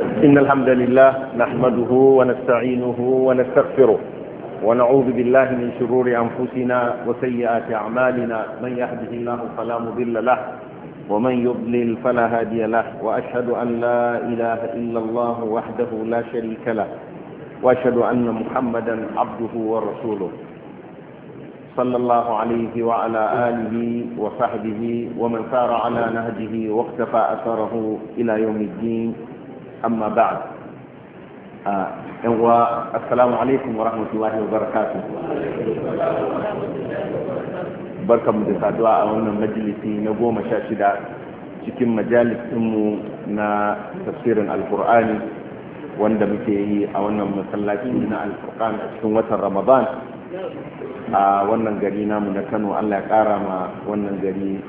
إن الحمد لله نحمده ونستعينه ونستغفره ونعوذ بالله من شرور أنفسنا وسيئات أعمالنا من يهده الله فلا مضل له ومن يضلل فلا هادي له وأشهد أن لا إله إلا الله وحده لا شريك له وأشهد أن محمدا عبده ورسوله صلى الله عليه وعلى آله وصحبه ومن سار على نهجه واقتفى أثره إلى يوم الدين amma ba'd yan uwa assalamu alaikum wa rahmatullahi wa barakatuh barkamu da saduwa a wannan majalisi na goma sha shida cikin majalisinmu na tafsirin alkur'ani wanda muke yi a wannan masallaci na alkur'ani a cikin watan ramadan a wannan gari namu na kano allah ya kara ma wannan gari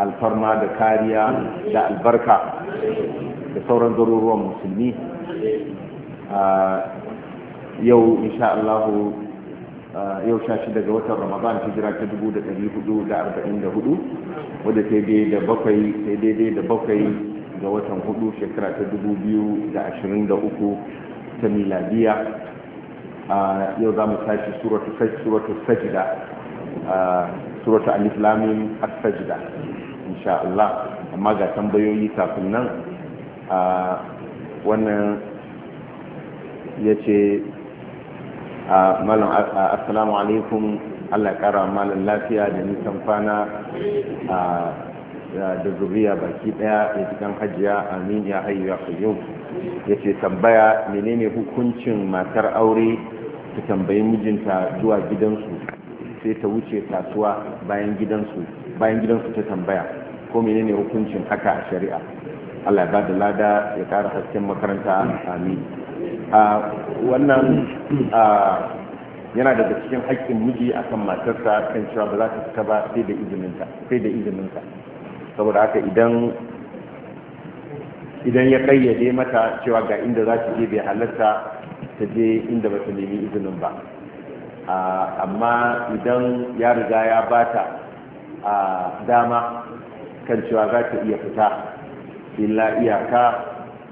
alfarma da kariya da albarka da sauran garuruwan musulmi a yau insha Allah yau sha shi daga watan ramadan hijira ta 444 wadda ta daidai da bakwai ta daidai da bakwai ga watan hudu shekara ta 2023 ta miladiya yau za mu tashi suratu sajida suratu alif lamin as-sajida insha Allah amma ga tambayoyi kafin nan a wannan ya ce a malam assalamu alaikum allah kara malam lafiya da nisan kwana da zuriya baki daya da cikin hajiya amin ya hayu ya yau ya ce tambaya menene hukuncin matar aure ta tambayi mijinta zuwa gidansu sai ta wuce kasuwa bayan gidansu bayan gidansu ta tambaya ko menene hukuncin haka a shari'a Allah ya bada lada ya kara hasken makaranta amin wannan yana daga cikin haƙƙin miji akan matarsa kan cewa ba za ta fita ba sai da izininta sai da izininta saboda haka idan idan ya kayyade mata cewa ga inda za ta je bai halarta ta je inda ba ta nemi izinin ba amma idan ya riga ya bata dama kan cewa za ta iya fita illa iyaka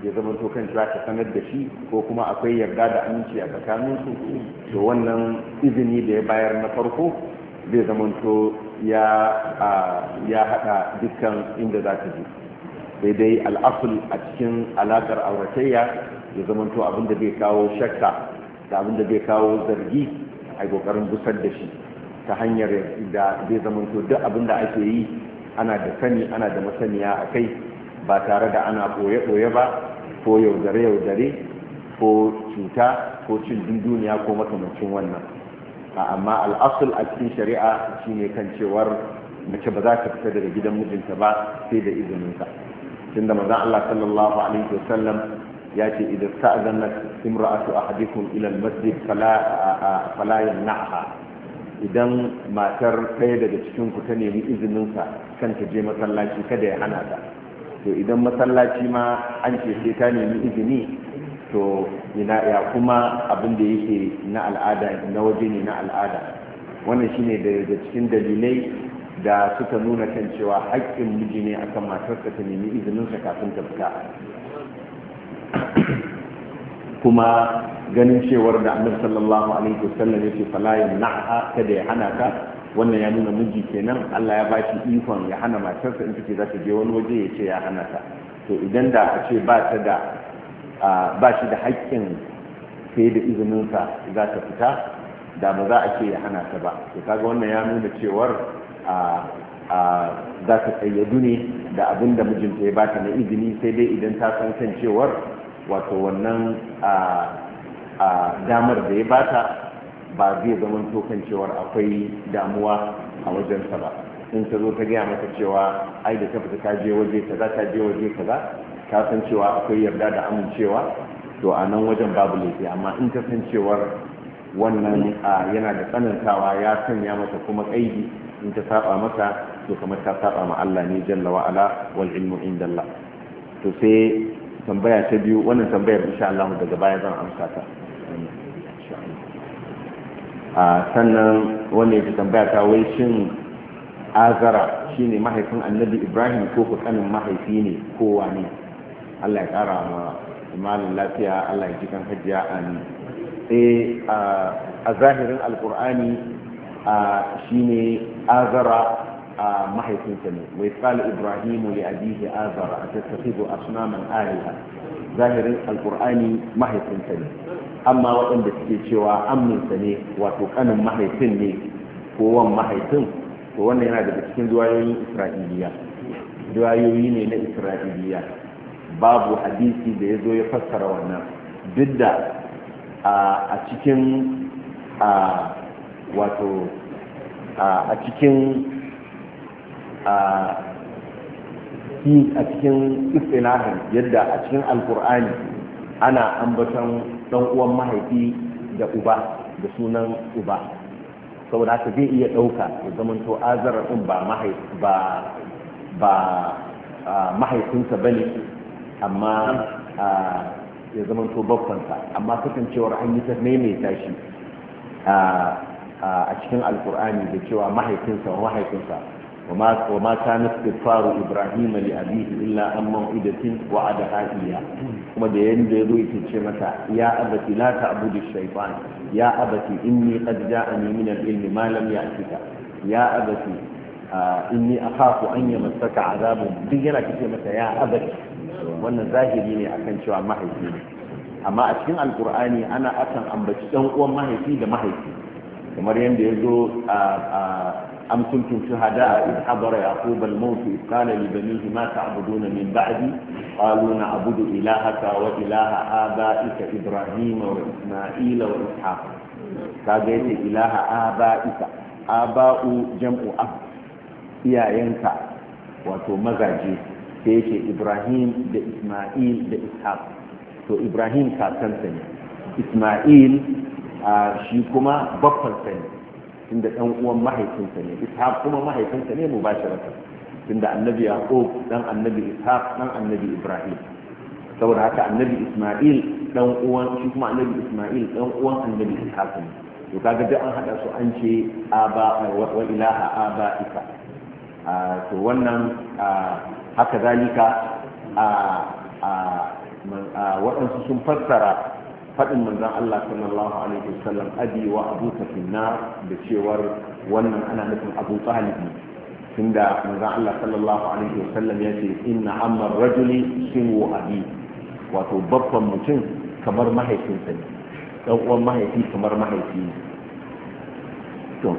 ya zama to kan za ta sanar da shi ko kuma akwai yarda da aminci a tsakaninsu to wannan izini da ya bayar na farko zai zama to ya ya hada dukkan inda za ta je sai dai al'asul a cikin alaƙar auratayya ya zama to abin da bai kawo shakka da abin da bai kawo zargi a kokarin busar da shi ta hanyar da zai zama to duk abin da ake yi ana da sani ana da masaniya a kai ba tare da ana ɓoye-ɓoye ba ko yaudare-yaudare ko cuta ko cin duniya ko makamancin wannan amma al'asul a cikin shari'a shine kan cewar mace ba za ta fita daga gidan mijinta ba sai da izininsa tun da maza Allah sallallahu alaihi sallam ya ce idan sa'adanna imra'atu ahadikum ila al-masjid fala fala idan matar ɗaya daga cikin ku ta nemi izininsa kan ta je masallaci kada ya hana ta to idan masallaci ma an ce sai ka nemi izini to ina ya kuma abin da yake na al'ada na waje ne na al'ada wannan shine daga cikin dalilai da suka nuna kan cewa haƙƙin miji ne akan matarsa ta nemi izininsa kafin ta fita kuma ganin cewar da annabi sallallahu alaihi wasallam yake fala yamna'a kada ya hana ka wannan ya nuna miji kenan Allah ya bashi ikon ya hana matarsa in take za ta je wani waje ya ce ya hana ta to idan da a ce ba ta da ba shi da haƙƙin sai da izininsa za ta fita da ba za a ce ya hana ta ba to kaga wannan ya nuna cewar za ta tsayyadu ne da abin da mijinta ya ba ta na izini sai dai idan ta san kan cewar wato wannan damar da ya ba ta. ba zai zama tokan cewar akwai damuwa a wajensa ba in ta zo ta gaya maka cewa ai da ta fita je waje za, ka je waje za. ka san cewa akwai yarda da amincewa to a nan wajen babu laifi amma in ta san cewar wannan yana da tsanantawa ya sanya mata kuma kaidi in ta saba masa to kamar ta saba ma Allah ne jalla wa ala wal ilmu inda to sai tambaya ta biyu wannan tambayar insha Allah daga baya zan amsa ta a sannan wanda yake tambaya ta wai shin azara shine mahaifin annabi ibrahim ko ku kanin mahaifi ne ko wani allah ya kara ma imanin lafiya allah ya jikan hajjiya amin eh a zahirin alkur'ani shine azara a mahaifinsa ne wai tsala ibrahimu ya abihi azara a tattafi asnaman aliha zahirin alkur'ani mahaifinsa ne amma waɗanda suke cewa aminsa ne wato kanin mahaifin ne ko wan mahaifin to wannan yana daga cikin duwayoyin isra'iliya duwayoyi ne na isra'iliya babu hadisi da ya zo ya fassara wannan duk da a cikin a wato a cikin a cikin istilahin yadda a cikin alkur'ani ana ambaton dan uwan mahaifi da uba da sunan uba saboda haka zai iya ɗauka ya to azar ɗin ba mahaifinsa ba ne amma ya zamanto babbansa amma kasancewar an yi ta maimaita shi a cikin alkur'ani da cewa mahaifinsa mahaifinsa وما كان استغفار ابراهيم لابيه الا عن موعده وعدها اياه kuma da yanda yazo yake ce masa ya abati la ta'budu shaytan ya abati inni qad ja'ani min al-ilmi ma lam ya'tika ya abati inni akhafu an yamassaka azabun duk yana kace mata ya abati wannan zahiri ne akan cewa mahaifi ne amma a cikin alkur'ani ana akan ambaci dan uwan mahaifi da mahaifi kamar yanda yazo a أم كنتم شهداء إذ حضر يعقوب الموت إذ قال لبنيه ما تعبدون من بعدي قالوا نعبد إلهك وإله آبائك إبراهيم وإسماعيل وإسحاق كاجيت إله آبائك آباء جمع أب يا ينكا وتمزجي كيش إبراهيم ده إسماعيل ده إسحاق تو إبراهيم كاتنسني إسماعيل آه شيكما بطل سني tunda dan uwan mahaifinsa ne ishaq kuma mahaifinsa ne mubasharatan tunda annabi yaqub dan annabi ishaq dan annabi ibrahim saboda haka annabi isma'il dan uwan shi kuma annabi isma'il dan uwan annabi ishaq ne to kaga duk an hada su an ce aba wa ilaha abaika to wannan haka zalika a waɗansu sun fassara faɗin manzon Allah sallallahu alaihi wasallam abi wa abuka finna da cewar wannan ana nufin Abu Talib ne tunda manzon Allah sallallahu alaihi wasallam ya ce inna amma rajuli sinu abi wato babban mutum kamar mahaifinsa ne dan uwan mahaifi kamar mahaifi ne to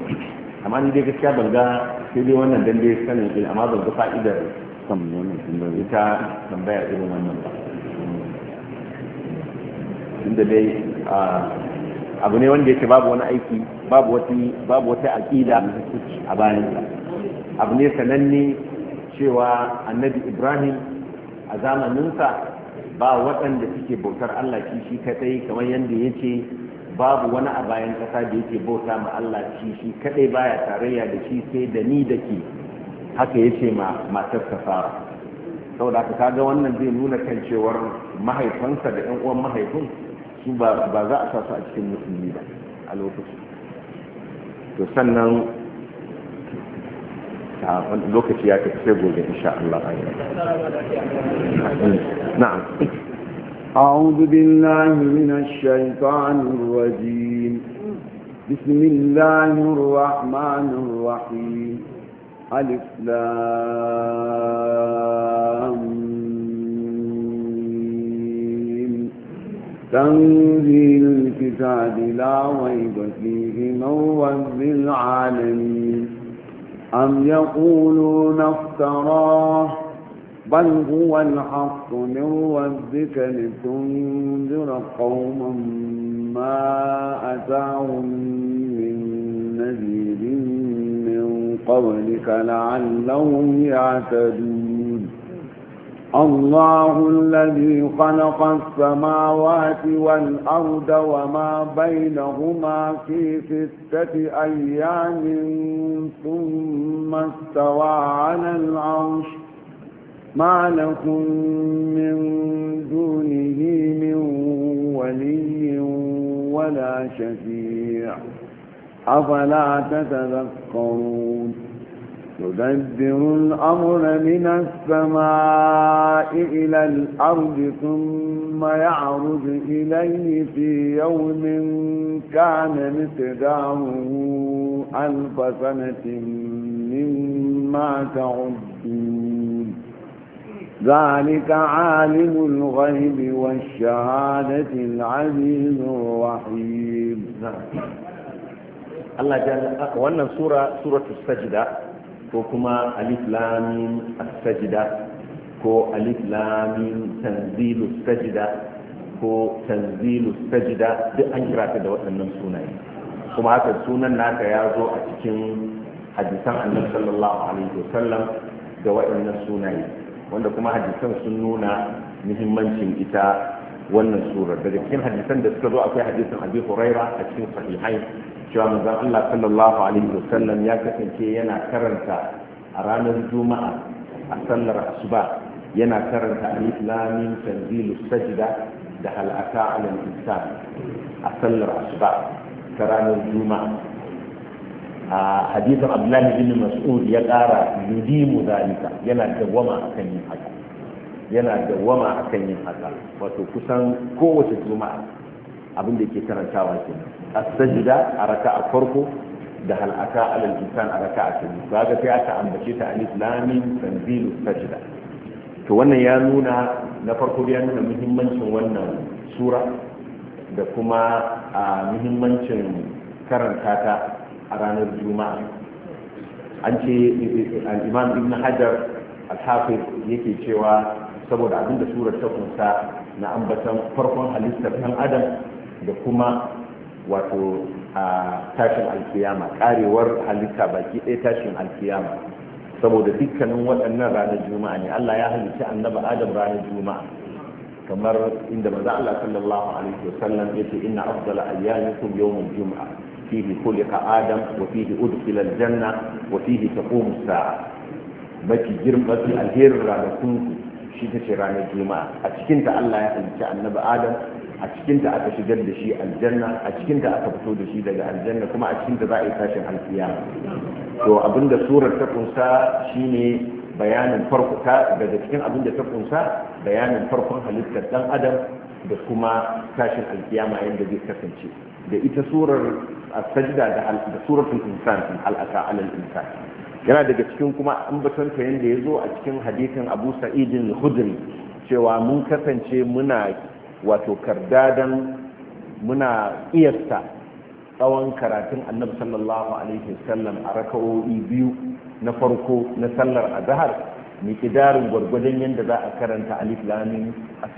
amma ni dai gaskiya ban ga sai dai wannan dan dai sanin amma ban ga fa'idar ita tambayar irin wannan ba tunda dai abu ne wanda yake babu wani aiki babu wata babu wata aqida a bayansa abu ne sananne cewa annabi ibrahim a zamaninsa ba waɗanda suke bautar allah shi shi kadai kamar yadda ya babu wani a bayan ƙasa da yake bauta ma allah shi shi kadai baya tarayya da shi sai da ni da ke haka yace ma matar safara saboda haka kaga wannan zai nuna kan cewar mahaifansa da 'yan uwan mahaifin su ba za a sasa a cikin musulmi ba a lokacin to sannan lokaci ya tafi sai gobe insha Allah na'am أعوذ بالله من الشيطان الرجيم بسم الله الرحمن الرحيم ألف لام تنزيل الكتاب لا ريب فيه من رب العالمين أم يقولون افتراه بل هو الحق من ربك لتنذر قوما ما أتاهم من نذير من قبلك لعلهم يعتدون الله الذي خلق السماوات والأرض وما بينهما في ستة أيام ثم استوى على العرش ما لكم من دونه من ولي ولا شفيع أفلا تتذكرون يدبر الأمر من السماء إلى الأرض ثم يعرض إليه في يوم كان مقداره ألف سنة مما تعدون ذلك عالم الغيب والشهادة العزيز الرحيم نعم. الله جل آه، وعلا سورة سورة السجدة ko kuma alif lamin as-sajda ko alif lamin tanzilu sajda ko tanzilu sajda duk an kira ta da waɗannan sunaye kuma haka sunan naka ya zo a cikin hadisan annabi sallallahu alaihi wasallam da waɗannan sunaye wanda kuma hadisan sun nuna muhimmancin ita wannan surar daga cikin hadisan da suka zo akwai hadisin abi huraira a cikin sahihain cewa manzon Allah sallallahu alaihi wa sallam ya kasance yana karanta a ranar juma'a a sallar asuba yana karanta alif lam tanzilu sajda da hal ata ala insan a sallar asuba ta ranar juma'a a hadisin abdullahi bin mas'ud ya ƙara yudimu zalika yana dawama akan yin haka yana dawama akan yin haka wato kusan kowace juma'a abin da ke karantawa kenan a sajda a raka'a farko da hal a alal insan a raka'a ta biyu kaga sai aka ambace ta alif lam mim tanzilu sajda to wannan ya nuna na farko ya nuna muhimmancin wannan sura da kuma a muhimmancin karanta a ranar juma'a an ce al-imam ibn hajar al-hafiz yake cewa saboda abinda surar ta kunsa na ambatan farkon halittar ɗan adam da kuma wato a tashin alkiyama karewar halitta baki ɗaya tashin alkiyama saboda dukkanin waɗannan ranar juma'a ne Allah ya halicci annabi Adam ranar juma'a kamar inda maza Allah sallallahu alaihi wasallam yace inna afdala ayyamikum yawmul juma'a fihi khuliqa adam wa fihi udkhila aljanna wa fihi taqumu saa mafi girma fi alherin ranakun shi ta ce ranar juma'a a cikinta Allah ya halicci annabi Adam a cikinta aka shigar da shi aljanna a cikinta aka fito da shi daga aljanna kuma a cikinta za a yi tashin alkiyama to abinda surar ta kunsa shine bayanin farko ta daga cikin abinda ta kunsa bayanin farkon halittar dan adam da kuma tashin alkiyama yadda zai kasance da ita surar sajda da suratul insan al'aka alal insan yana daga cikin kuma ambaton ta yadda ya zo a cikin hadisin abu sa'idin khudri cewa mun kasance muna wato kardadan muna iyasta tsawon karatun annabi sallallahu alaihi wasallam a raka'o'i biyu na farko na sallar azhar miqdarin gwargwadon yadda za a karanta alif lam as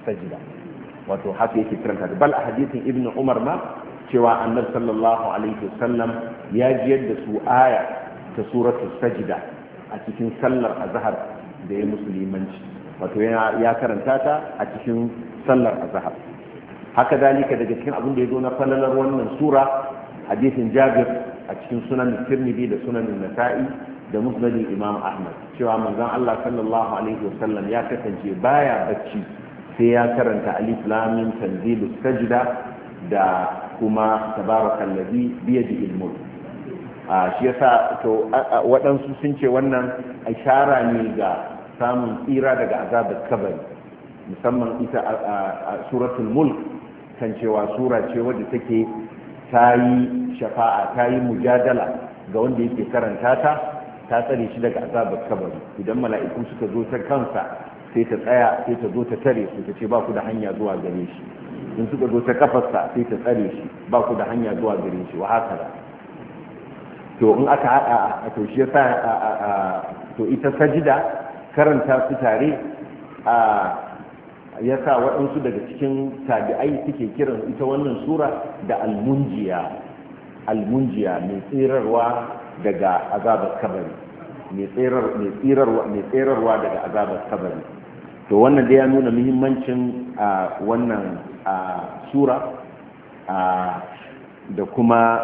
wato haka yake karanta bal a hadisin ibnu umar ma cewa annabi sallallahu alaihi wasallam ya ji yadda su aya ta suratu Sajida a cikin sallar azhar da ya musulmanci wato ya karanta ta a cikin sallar azhar haka dalika daga cikin abin da ya zo na falalar wannan sura hadisin jabir a cikin sunan tirmidhi da sunan nasa'i da musnadin imam ahmad cewa manzon allah sallallahu alaihi wasallam ya kasance baya bacci sai ya karanta alif mim tanzilus sajda da kuma bi yadihi almulk a shi yasa to waɗansu sun ce wannan ishara ne ga samun tsira daga azabar kabari musamman ita a suratul mulk kan cewa sura ce wadda take ta yi shafa'a ta yi mujadala ga wanda yake karanta ta ta tsare shi daga azabar kabari idan mala'iku suka zo ta kansa sai ta tsaya sai ta zo ta tare su ta ce ba ku da hanya zuwa gare shi in suka zo ta kafarsa sai ta tsare shi ba ku da hanya zuwa gare shi wa haka to in aka haɗa to shi yasa to ita sajida karanta su tare a ya sa waɗansu daga cikin tabi'ai suke kiran ita wannan sura da almunjiya almunjiya mai tsirarwa daga azabar kabari mai tsirarwa daga azabar kabari to wannan da ya nuna muhimmancin wannan sura da kuma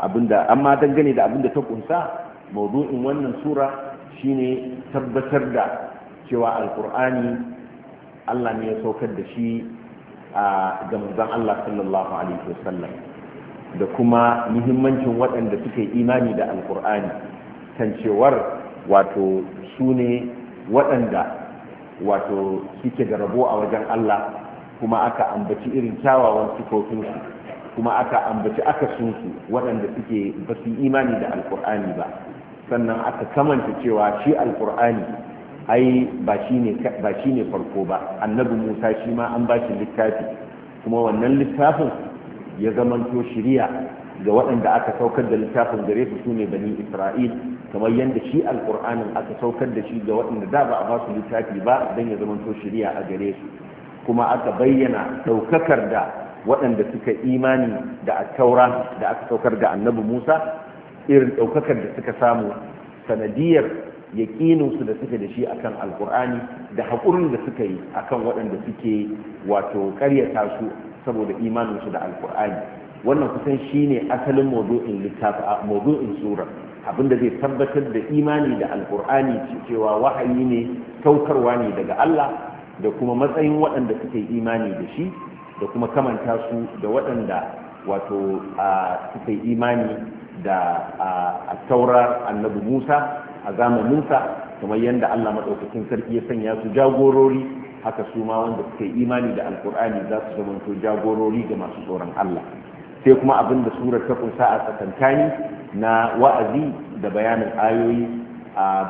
abinda amma dangane da abinda ta kunsa maudu'in wannan sura shine tabbatar da cewa alkur'ani Allah ne ya saukar da shi a manzon Allah sallallahu alaihi wasallam da kuma muhimmancin waɗanda suka yi imani da alkur'ani kan cewar wato su ne waɗanda wato suke da rabo a wajen Allah kuma aka ambaci irin kyawawan sifofinsu kuma aka ambaci akasinsu waɗanda suke ba su imani da alkur'ani ba sannan aka kamanta cewa shi alkur'ani ai ba shi ne farko ba annabi musa shi ma an ba shi littafi kuma wannan littafin ya zamanto shirya ga waɗanda aka saukar da littafin gare su sune bani isra'il kamar yadda shi alƙur'anin aka saukar da shi ga waɗanda da ba a ba su littafi ba don ya zamanto shirya a gare su kuma aka bayyana ɗaukakar da waɗanda suka imani da taura da aka saukar da annabi musa irin ɗaukakar da suka samu sanadiyar su da suke da shi akan alkur'ani da haƙurin da suka yi akan waɗanda suke wato ƙaryata su saboda imaninsu da alkur'ani wannan kusan shine asalin mawdu'in littafi mawdu'in sura abinda zai tabbatar da imani da alkur'ani cewa wahayi ne kaukarwa ne daga Allah da kuma matsayin waɗanda suke imani da shi da kuma kamanta su da waɗanda wato suke yi imani da a taura annabi musa a zamaninsa kamar yadda Allah maɗaukakin sarki ya sanya su jagorori haka su ma wanda suka yi imani da alkur'ani za su zama to jagorori ga masu tsoron Allah sai kuma abin da surar ta kunsa a tsakankani na wa'azi da bayanin ayoyi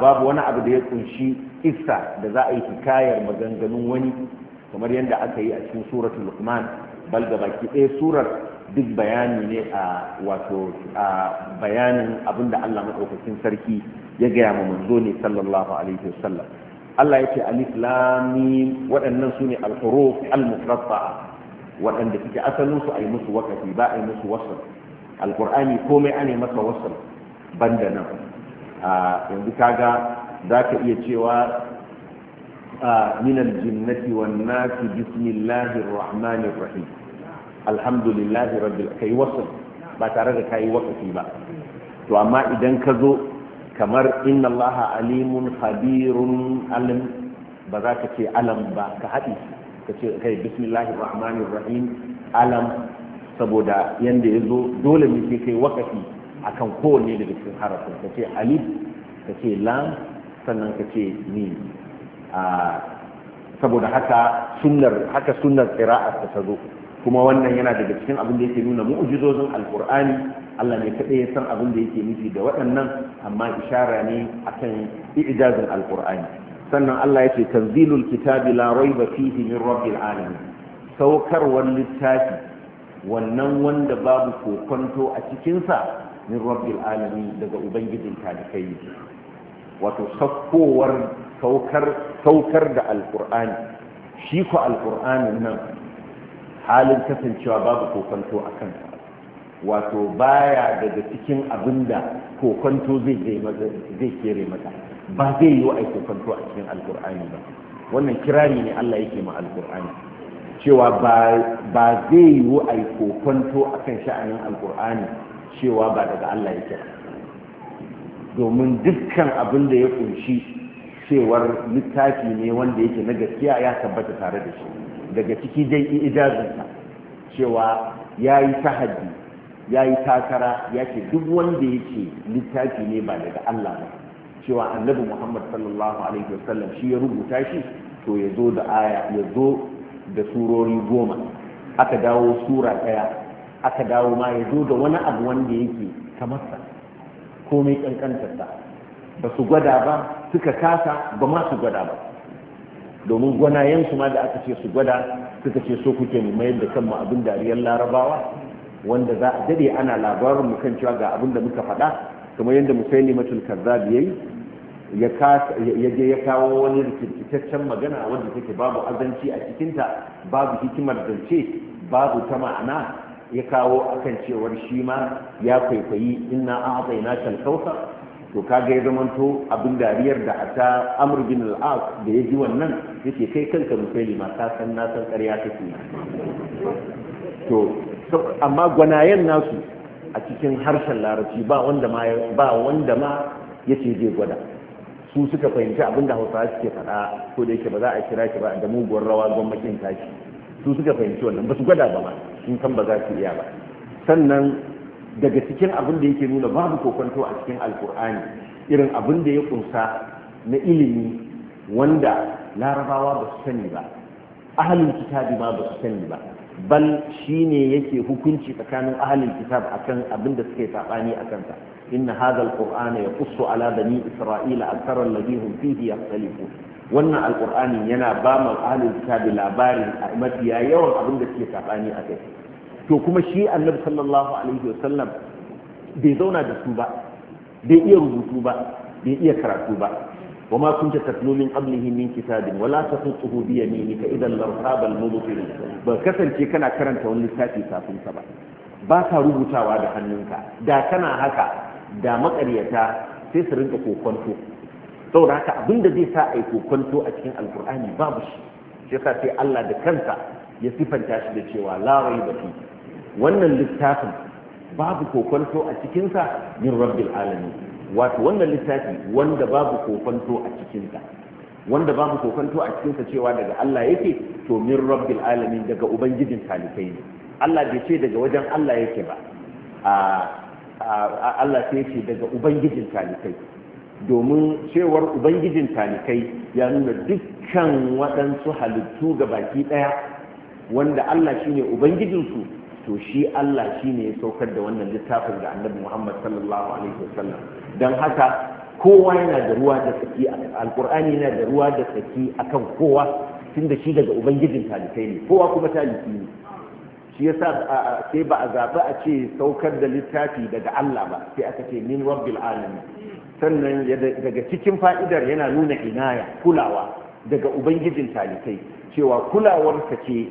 babu wani abu da ya kunshi isa da za a yi hikayar maganganun wani kamar yadda aka yi a cikin suratul luqman bal ga baki ɗaya surar duk bayani ne a wato bayanin abin da Allah maɗaukakin sarki ya gaya ma manzo ne sallallahu alaihi wasallam Allah ya ce alif lam mim waɗannan sune al-huruf al-muqatta'a waɗanda suke asalin su ayi musu wakafi ba ayi musu al-qur'ani komai ane masa wasl banda nan a yanzu kaga zaka iya cewa من الجنة والناس بسم الله الرحمن الرحيم الحمد لله رب العالمين كي وصل ba tare da kayi wakafi ba to amma idan ka zo kamar inna allaha alimun khabirun alim ba za ka ce alam ba ka haɗi ka ce kai bismillahi rahmanir rahim alam saboda yanda ya zo dole ne ke kai wakafi akan kowanne daga cikin harafin ka ce alif ka ce lam sannan ka ce ni ah, saboda haka sunnar haka sunnar qira'ar ta zo kuma wannan yana daga cikin abin da yake nuna mu'jizozin alkur'ani Allah ne kaɗai ya san abin da yake nufi da waɗannan amma ishara ne akan i'jazin alkur'ani sannan Allah ya ce tanzilul kitabi la raiba fihi min rabbil alamin saukarwar littafi wannan wanda babu kokonto a cikinsa min rabbil alamin daga ubangijin talikai wato saukowar saukar saukar da alkur'ani shi ko alkur'anin nan halin kasancewa babu kokonto a kan wato baya daga cikin abin da kokonto zai kere mata ba zai yi wa kokonto a cikin alkur'ani ba wannan kirari ne allah yake ma alkur'ani cewa ba zai yi wa kokonto a kan sha'anin alkur'ani cewa ba daga allah yake domin dukkan abin da ya kunshi cewar littafi ne wanda yake na gaskiya ya tabbata tare da shi daga ciki dai ijazinsa cewa ya yi tahaddi ya yi takara ya ce duk wanda ya ce littafi ne ba daga Allah ba cewa annabi Muhammad sallallahu alaihi wasallam shi ya rubuta shi to ya zo da aya ya zo da surori goma aka dawo sura ɗaya aka dawo ma ya zo da wani abu wanda yake kamar sa komai kankantar ba su gwada ba suka kasa ba ma su gwada ba domin gwanayensu ma da aka ce su gwada suka ce so kuke mu mayar da kanmu abin dariyar larabawa wanda za a dade ana labarin mu kan cewa ga abin da muka faɗa kamar yadda musaini matul kazzab yayi ya je ya kawo wani rikitaccen magana wanda take babu azanci a cikinta babu hikimar zance babu ta ma'ana ya kawo akan cewar shi ma ya kwaikwayi inna a'tainaka al-kautsar to kaga ya zamanto abin dariyar da ta amur bin al da ya ji wannan yake kai kanka ma, ka san na san ƙarya kake to amma gwanayen nasu a cikin harshen larabci ba wanda ma ba wanda zai gwada su suka fahimci abin da hausawa suke faɗa ko da yake ba za a kira shi ba da muguwar rawa gwamnatin tashi su suka fahimci wannan ba su gwada ba ma sun san ba za su iya ba sannan daga cikin abin da yake nuna babu kokonto a cikin alkur'ani irin abin da ya kunsa na ilimi wanda larabawa ba su sani ba ahalin kitabi ma ba su sani ba bal shine yake hukunci tsakanin ahalin kitab akan abin da suke sabani akan ta inna hadha alqur'ana yaqussu ala bani isra'ila akthara alladhi hum fihi yakhtalifun wannan alqur'ani yana ba mu ahalin kitabi labarin mafiya yawan abin da suke sabani akai to kuma shi annabi sallallahu alaihi wasallam bai zauna da su ba bai iya rubutu ba bai iya karatu ba wa ma kunta tatlu min qablihi min kitabin wala taqutuhu bi yaminika idan larqab al mubtil ba kasance kana karanta wani littafi kafin ka ba ba ka rubutawa da hannunka da kana haka da makaryata sai su rinka kokonto saboda haka abinda zai sa ai kokonto a cikin alkur'ani babu shi sai sai Allah da kansa ya sifanta shi da cewa la raiba wannan littafin babu kokonto a cikinsa min rabbil alamin wato wannan littafi wanda babu kokonto a cikinsa wanda babu kokonto a cikinsa cewa daga Allah yake to min rabbil alamin daga ubangijin talibai ne Allah bai ce daga wajen Allah yake ba a Allah sai ce daga ubangijin talibai domin cewar ubangijin talikai ya nuna dukkan waɗansu halittu ga baki ɗaya wanda Allah shine ubangijinsu to shi Allah shi ne ya saukar da wannan littafin ga annabi Muhammad sallallahu alaihi wasallam don haka kowa yana da ruwa da tsaki alqur'ani yana da ruwa da tsaki akan kowa tunda shi daga ubangijin talibai ne kowa kuma talibi ne shi yasa sai ba a zaɓi a ce saukar da littafi daga Allah ba sai aka ce min rabbil alamin sannan daga cikin fa'idar yana nuna inaya kulawa daga ubangijin talibai cewa kulawarsa ce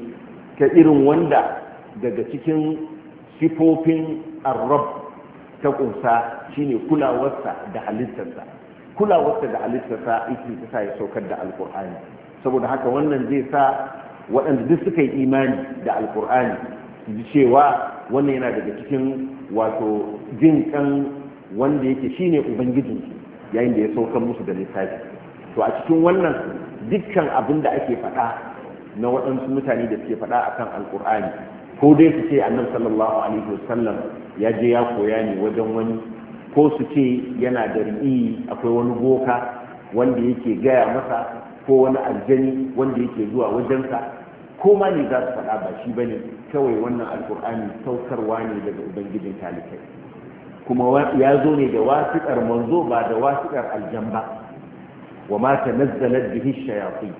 ta irin wanda daga cikin sifofin arab ta kunsa shine kulawarsa da halittarsa kulawarsa da halittarsa ita ta sa ya saukar da alkur'ani saboda haka wannan zai sa waɗanda duk suka yi imani da alkur'ani su ji cewa wannan yana daga cikin wato jin kan wanda yake shine Ubangijin yayin da ya saukar musu da littafi to a cikin wannan dukkan abin da ake faɗa na waɗansu mutane da suke faɗa akan alkur'ani ko dai su ce annabi sallallahu alaihi wasallam ya je ya koya ne wajen wani ko su ce yana da ri'i akwai wani boka wanda yake gaya masa ko wani aljani wanda yake zuwa wajensa ko ma ne za su faɗa ba shi bane kawai wannan alkur'ani saukarwa ne daga ubangijin talikai kuma ya zo ne da wasiƙar manzo ba da wasiƙar aljan ba wa ma tanazzalat bihi shayatin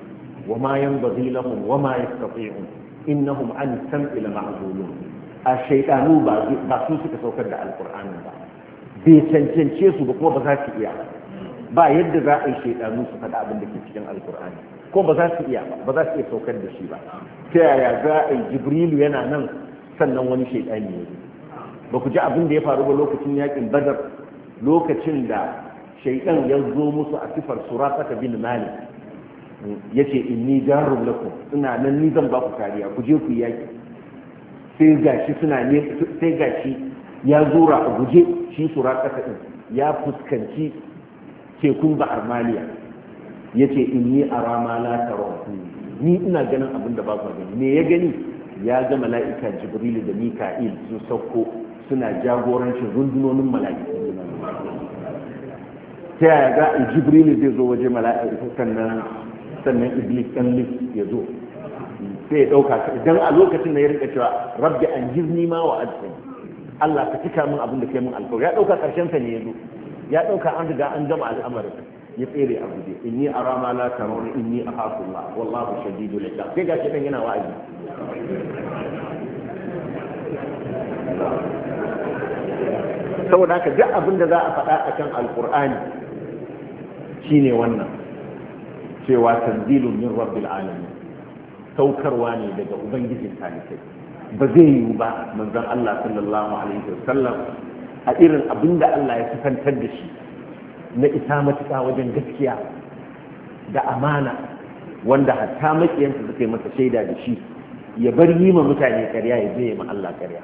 wa ma yanbaghi lahum wa ma yastati'un innahum an sam'i la ma'zulun a shaytanu ba ba su suka saukar da alqur'ani ba bai cancance su ba kuma ba za su iya ba yadda za a yi shaytanu su faɗa abin da ke cikin alqur'ani ko ba za su iya ba ba za su iya saukar da shi ba ta yaya za a yi jibrilu yana nan sannan wani shaytani ne ba ku ji abin da ya faru ba lokacin yakin badar lokacin da shaytan ya zo musu a sifar surafata bin malik in ni jarum lakum ina nan ni zan ba ku kariya ku je ku yaki sai gashi suna ne sai gashi ya zura a guje shi sura kasa din ya fuskanci tekun ba armaliya yace inni arama la ni ina ganin abin da ba gani me ya gani ya ga mala'ika jibrilu da mika'il sun sauko suna jagorancin rundunonin mala'ika ta yaya ga jibrilu zai zo waje mala'ika sannan sannan iblis ɗan lis ya zo sai ya ɗauka ka idan a lokacin da ya rika cewa rabbi an ni ma wa adsin Allah ka cika min abin da kai min alƙawari ya ɗauka ƙarshen sa ne ya zo ya ɗauka an riga an gama al'amarin ya tsere a guje ni a rama la in ni a akhafullah wallahu shadidu iqab sai ga shi ɗan yana wa'azi saboda haka duk abin da za a faɗa a kan alkur'ani shine wannan cewa tanzilu min rabbil alamin saukarwa ne daga ubangijin talibai ba zai yiwu ba manzon Allah sallallahu alaihi wasallam a irin abinda Allah ya kusantar da shi na isa matuƙa wajen gaskiya da amana wanda hatta makiyansa suka yi masa shaida da shi ya bar yi ma mutane ƙarya ya je ma Allah ƙarya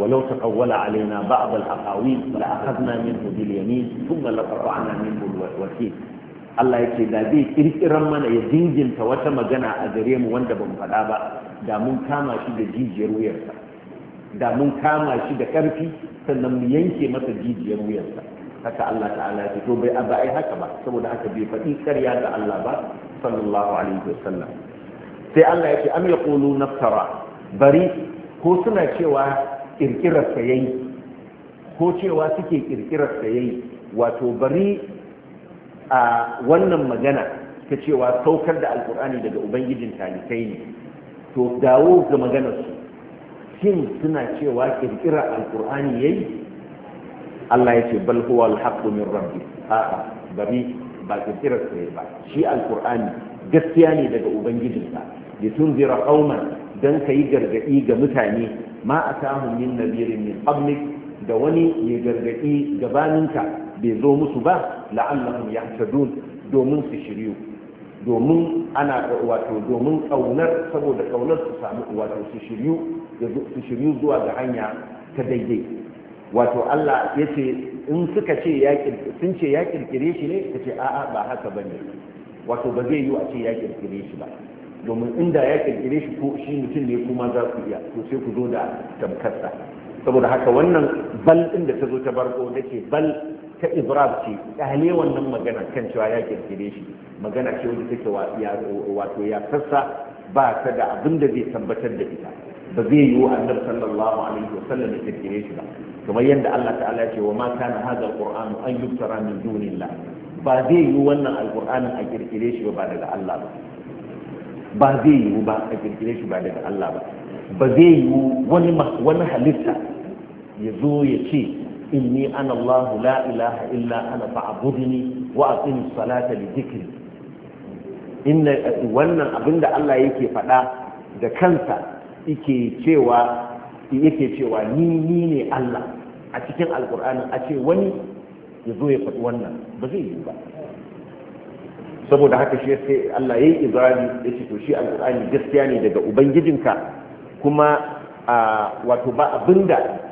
ولو تقول علينا بعض الأقاويل لأخذنا منه باليمين ثم لقطعنا منه الوثيق Allah yake da zai kirkiran mana ya dinginta wata magana a gare mu wanda ban faɗa ba da mun kama shi da jijiyar wuyarsa da mun kama shi da ƙarfi sannan mu yanke masa jijiyar wuyarsa haka Allah ta'ala ce to bai ba ai haka ba saboda haka bai faɗi ƙarya ga Allah ba sallallahu alaihi wasallam sai Allah yake am yaqulu naftara bari ko suna cewa kirkirar sa yayi ko cewa suke kirkirar sa yayi wato bari a wannan magana ta cewa saukar da alkur'ani daga ubangijin talikai ne to dawo ga maganarsu shin suna cewa kirkirar alkur'ani yayi Allah ya ce bal huwa alhaqqu min rabbi a'a bari ba kirkirar sai ba shi alkur'ani gaskiya ne daga ubangijinsa li tunzira qauman dan kai gargadi ga mutane ma atahum min nadirin min qablik da wani ya gargadi gabaninka bai zo musu ba la'allahum yahtadun domin su shiryu domin ana wato domin kaunar saboda kaunar su samu wato su shiryu su shiryu zuwa ga hanya ta daidai wato Allah ya ce in suka ce ya sun ce ya kirkire shi ne ka ce a'a ba haka bane wato ba zai yi a ce ya kirkire shi ba domin inda ya kirkire shi ko shi mutum ne kuma za ku iya to sai ku zo da tamkarsa saboda haka wannan bal din ta zo ta barko da ke bal ta ibrab ce kyale wannan magana kan cewa ya kirkire shi magana ce wanda take wato ya sassa ba ta da abin da zai tabbatar da ita ba zai yi wa annabi sallallahu alaihi wasallam ya kirkire shi ba kamar yadda Allah ta'ala ya ce wa ma kana hadha alquran an yuftara min dunillah ba zai yi wannan alqur'anin a kirkire shi ba daga Allah ba ba zai yi ba a kirkire shi ba daga Allah ba ba zai yi wani wani halitta ya zo ya ce inni ana Allah la ilaha illa ana fa'budni wa aqim salata li dhikri inna wannan abinda Allah yake faɗa da kansa yake cewa yake cewa ni ni ne Allah a cikin alkur'anin a ce wani ya zo ya faɗi wannan ba zai yi ba saboda haka shi sai Allah ya yi izrari ya ce to shi alkur'ani gaskiya ne daga ubangijinka kuma wato ba abinda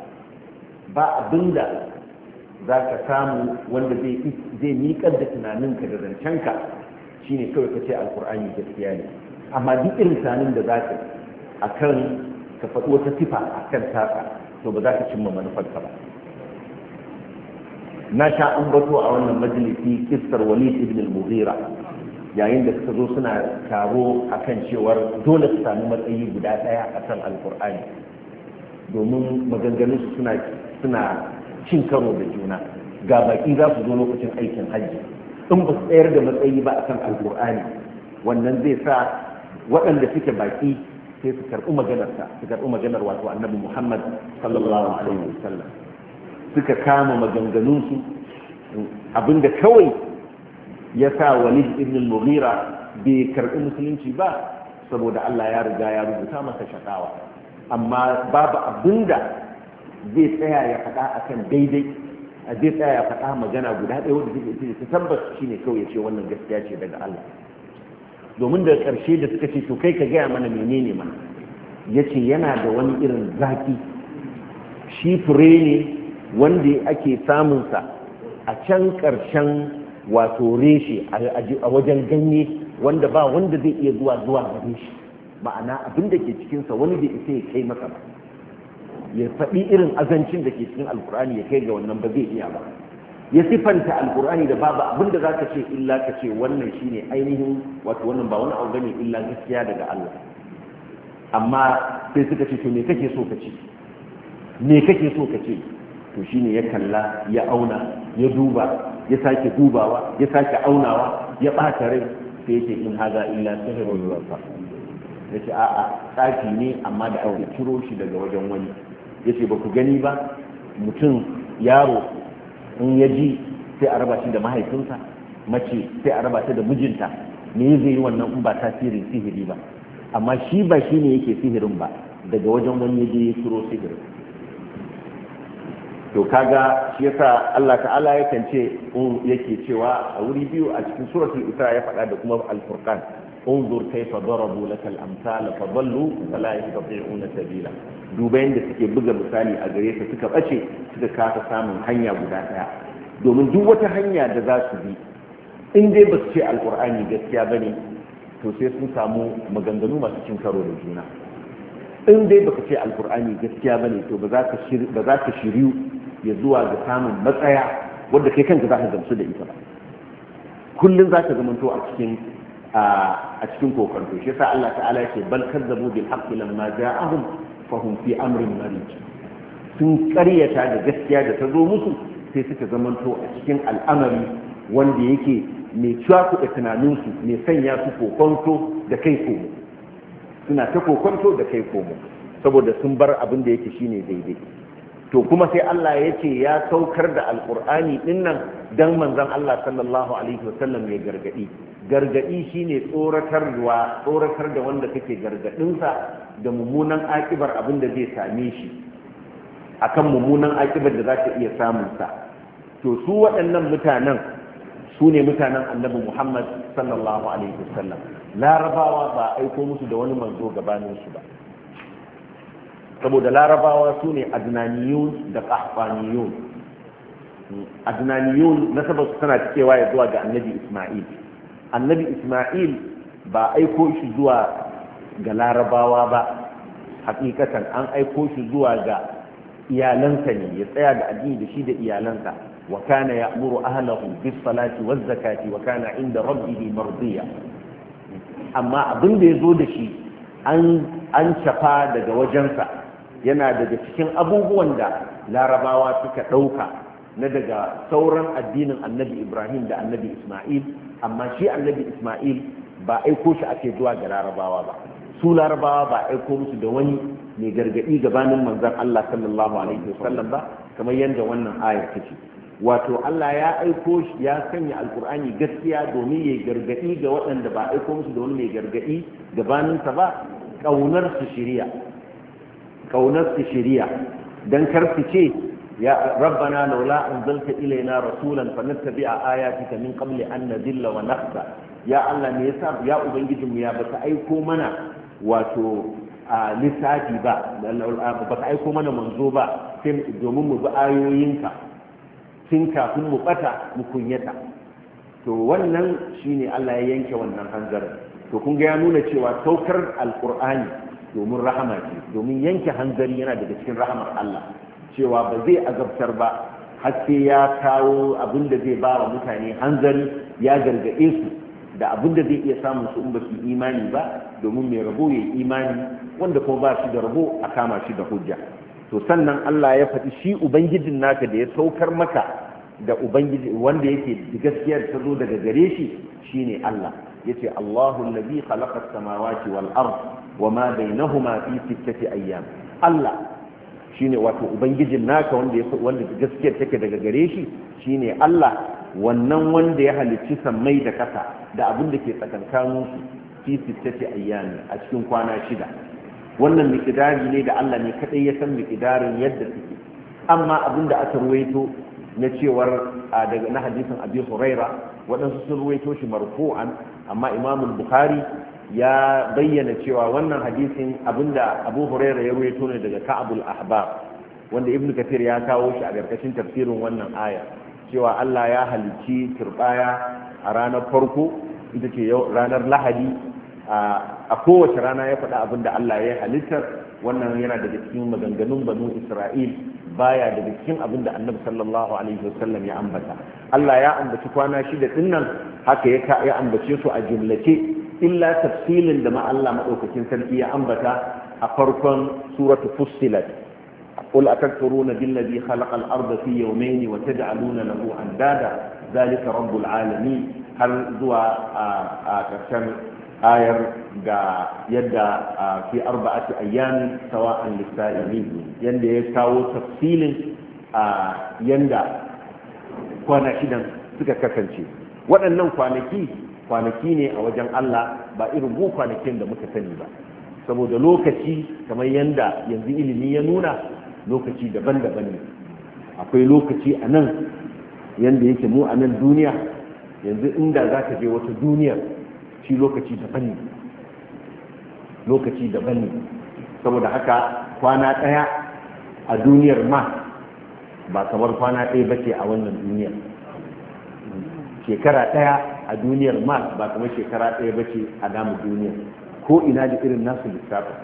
ba abinda za ka samu wanda zai miƙar da tunaninka da zancenka shine kawai ka ce alkur'ani gaskiya ne amma duk irin tunanin da za ka a kan ka faɗi wata sifa a kan taka to ba za ka cimma manufarka ba na sha an bato a wannan majalisi kistar walid ibn al-mughira yayin da suka zo suna taro akan cewar dole su sami matsayi guda ɗaya akan alkur'ani domin maganganunsu suna suna cin karo da juna ga baki za su zo lokacin aikin hajji in ba su tsayar da matsayi ba akan alkur'ani wannan zai sa waɗanda suke baki sai su karɓi maganarsa su karɓi maganar wato annabi muhammad sallallahu alaihi wasallam suka kama maganganunsu abinda kawai ya sa walid ibn mughira bai karɓi musulunci ba saboda allah ya riga ya rubuta masa shakawa amma babu abinda zai tsaya ya faɗa a kan daidai a zai tsaya ya faɗa magana guda ɗaya wanda zai ce ta tabbas ne kawai ya ce wannan gaskiya ce daga Allah domin da ƙarshe da suka ce to kai ka gaya mana menene mana ya ce yana da wani irin zaki shi fure ne wanda ake sa a can ƙarshen wato reshe a wajen ganye wanda ba wanda zai iya zuwa zuwa gare shi ma'ana abin da ke cikinsa wani bai isa ya kai masa ba ya faɗi irin azancin da ke cikin alkur'ani ya kai ga wannan ba zai iya ba ya siffanta alkur'ani da babu abin da za ka ce illa ka ce wannan shine ainihin wato wannan ba wani abu ne illa gaskiya daga Allah amma sai suka ce to me kake so ka ce me kake so ka ce to shine ya kalla ya auna ya duba ya sake dubawa ya sake aunawa ya ɓata rai sai yake in haza illa sihirun ya ce a'a tsafi ne amma da aure ciro shi daga wajen wani yace ba ku gani ba mutum yaro in ya ji sai a raba da mahaifinsa mace sai a raba da mijinta me zai yi wannan in ba tasirin sihiri ba amma shi ba shi ne yake sihirin ba daga wajen wani ya je ya turo sihirin to kaga shi yasa Allah ta'ala ya kance in yake cewa a wuri biyu a cikin suratul isra ya faɗa da kuma al-furqan انظر darabu lakal amsal fa dallu sabila dubayen da suke buga misali a gare ta suka bace suka kasa samun hanya guda daya domin duk wata hanya da za su bi in dai ba su ce alkur'ani gaskiya ba to sai sun samu maganganu masu cin karo da juna in dai baka ce alkur'ani gaskiya ba ne to ba za ka shiryu ya zuwa ga samun matsaya wadda kai kanka za ka gamsu da ita ba kullum za ka zamanto a cikin a cikin to shi yasa Allah ta'ala yake bal kazzabu bil haqqi lamma ja'ahum fahim fi amrin marij sun karyata da gaskiya da ta zo musu sai suka zamanto a cikin al'amari wanda yake mai cuwa tunaninsu mai sanya su kokonto da kai komo suna ta kokonto da kai komo saboda sun bar abin da yake shine daidai to kuma sai Allah ya ce ya saukar da alkur'ani dinnan dan manzon Allah sallallahu alaihi wasallam ya gargaɗi. gargadi shine tsoratarwa tsoratar da wanda kake gargaɗinsa da mummunan akibar abin da zai same shi akan mummunan akibar da za ta iya samunsa to su waɗannan mutanen su ne mutanen annabi muhammad sallallahu alaihi wasallam larabawa ba aiko musu da wani manzo su ba saboda larabawa su ne adnaniyun da kahfaniyun adnaniyun su tana cikewa ya zuwa ga annabi isma'il annabi isma'il ba aiko shi zuwa ga larabawa ba hakikatan an aiko shi zuwa ga iyalansa ne ya tsaya da addini da shi da iyalansa wa kana ya'muru ahlahu bis salati waz zakati wa kana inda rabbihi mardiya amma abin da zo da shi an an shafa daga wajensa yana daga cikin abubuwan da larabawa suka dauka na daga sauran addinin annabi ibrahim da annabi isma'il amma shi annabi isma'il ba aiko shi ake zuwa ga larabawa ba su larabawa ba aiko musu da wani mai gargaɗi gabanin manzon allah sallallahu alaihi wasallam ba kamar yadda wannan ayar ce, wato allah ya aiko shi ya sanya alkur'ani gaskiya domin ya gargaɗi ga waɗanda ba aiko musu da wani mai gargaɗi gabaninsa ba ƙaunar su shiriya, ƙaunar su shiriya don kar su ce يا ربنا لولا أنزلت إلينا رسولا فنتبع آياتك من قبل أن نذل ونخزى يا الله mu ya أبنجد يا بتأيكو منا واتو lissafi ba ba aiko mana manzo ba domin mu bi ayoyinka tun kafin mu bata mu kunyata to wannan shine Allah ya yanke wannan hanzarin to kun ga ya nuna cewa saukar alkur'ani domin rahama ce domin yanke hanzari yana daga cikin rahamar Allah cewa ba zai azabtar ba har sai ya kawo abin da zai ba wa mutane hanzari ya gargaɗe su da abin da zai iya samun su in ba su imani ba domin mai rabo ya imani wanda kuma ba shi da rabo a kama shi da hujja to sannan Allah ya faɗi shi ubangijin naka da ya saukar maka da ubangiji wanda yake gaskiyar ta zo daga gare shi shine Allah yace Allahu allazi khalaqa as-samawati wal ard wa ma bainahuma fi sittati ayyam Allah shine wato ubangijin naka wanda ya wanda gaskiyar take daga gare shi shine Allah wannan wanda ya halicci sammai da kasa da abin da ke tsakankanin su fi sittati ayyami a cikin kwana shida wannan miqdari ne da Allah ne kadai ya san miqdarin yadda take amma abin da aka ruwaito na cewar daga na hadisin Abi Huraira waɗansu sun ruwaito shi marfu'an amma Imam Bukhari ya bayyana cewa wannan hadisin abinda abu huraira ya ruwaito ne daga ka'abul ahbab wanda ibnu kathir ya kawo shi a karkashin tafsirin wannan aya cewa Allah ya halicci turbaya a ranar farko ita ce ranar lahadi a kowace rana ya faɗa abinda Allah ya halittar wannan yana daga cikin maganganun banu isra'il baya daga cikin abin annabi sallallahu alaihi wasallam ya ambata Allah ya ambaci kwana shida dinnan haka ya ambace su a jumlace illa tafsilin da ma'ala madaukakin sarki ya ambata a farkon suratu fussilat abul'adaktaru na dillabi khalaƙa al'ar da su yaumaini wace da al'una na bu anda da zaluka har zuwa a karshen ayar ga yadda su yi arba'acin ayyami tsawan alifta ya yin da yadda ya yi tsawo tafsirin kasance waɗannan kwanaki. kwanaki ne a wajen Allah ba irin mu kwanakin da muka sani ba saboda lokaci kamar yanda yanzu ilimi ya nuna lokaci daban-daban ne akwai lokaci a nan yanda yake mu a nan duniya yanzu inda za ka je wata duniya shi lokaci daban ne lokaci daban ne saboda haka kwana ɗaya a duniyar ma ba kamar kwana ɗaya bace a wannan duniyar shekara ɗaya a duniyar mars ba kamar shekara ɗaya ba ce a damu duniyar ko ina da irin nasu lissafin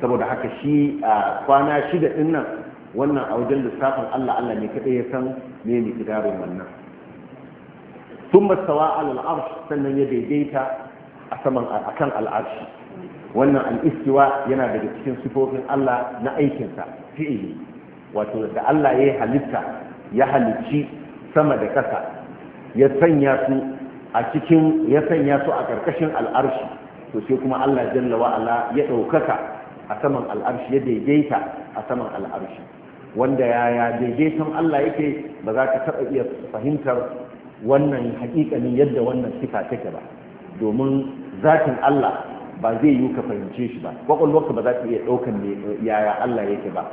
saboda haka shi a kwana shida ɗin nan wannan a wajen lissafin allah allah ne kaɗai ya san me ne kidarin wannan sun masawa al'arsh sannan ya daidaita a saman akan al'arshi wannan al'istiwa yana daga cikin sifofin allah na aikinsa fi'ili wato da allah ya halitta ya halicci sama da ƙasa ya sanya su a cikin ya sanya su a ƙarƙashin al'arshi to sai kuma Allah jalla wa'ala ya ɗaukaka a saman al'arshi ya daidaita a saman al'arshi wanda ya ya daidaiton Allah yake ba za ka taɓa iya fahimtar wannan haƙiƙanin yadda wannan sifa take ba domin zatin Allah ba zai yi ka fahimce shi ba kwakwalwarka ba za ta iya ɗaukan yaya Allah yake ba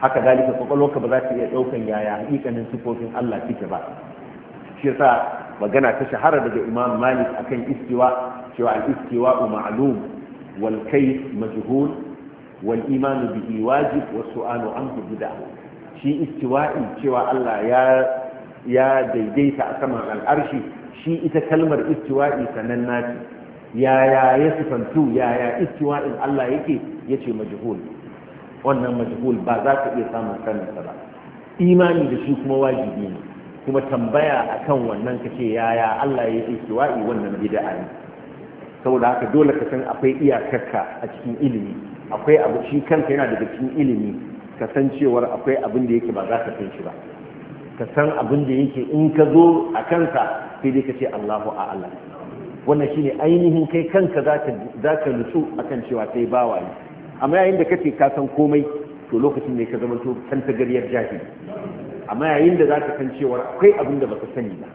haka dalika kwakwalwarka ba za ta iya ɗaukan yaya haƙiƙanin sifofin Allah suke ba shi yasa magana ta shahara daga imam malik akan istiwa cewa al-istiwa ma'lum wal kayf majhul wal iman bihi wajib wa su'alu anhu bid'ah shi istiwa'i cewa Allah ya ya daidaita a saman al'arshi shi ita kalmar istiwa'i sanan naci yaya ya sifantu yaya istiwa'in Allah yake yace majhul wannan majhul ba za ka iya samun sanin ba imani da shi kuma wajibi ne kuma tambaya akan wannan kace yaya Allah ya yi istiwa'i wannan bid'a ne saboda haka dole ka san akwai iyakarka a cikin ilimi akwai abu shi kanka yana da cikin ilimi ka san cewar akwai abin da yake ba za ka san shi ba ka san abin da yake in ka zo a kansa sai dai ka ce Allahu a'lam wannan shine ainihin kai kanka zaka ka nutsu akan cewa sai bawa ne amma yayin da kace ka san komai to lokacin ne ka zama to kanta gariyar jahili amma yayin da za ka san cewa akwai abin da baka sani ba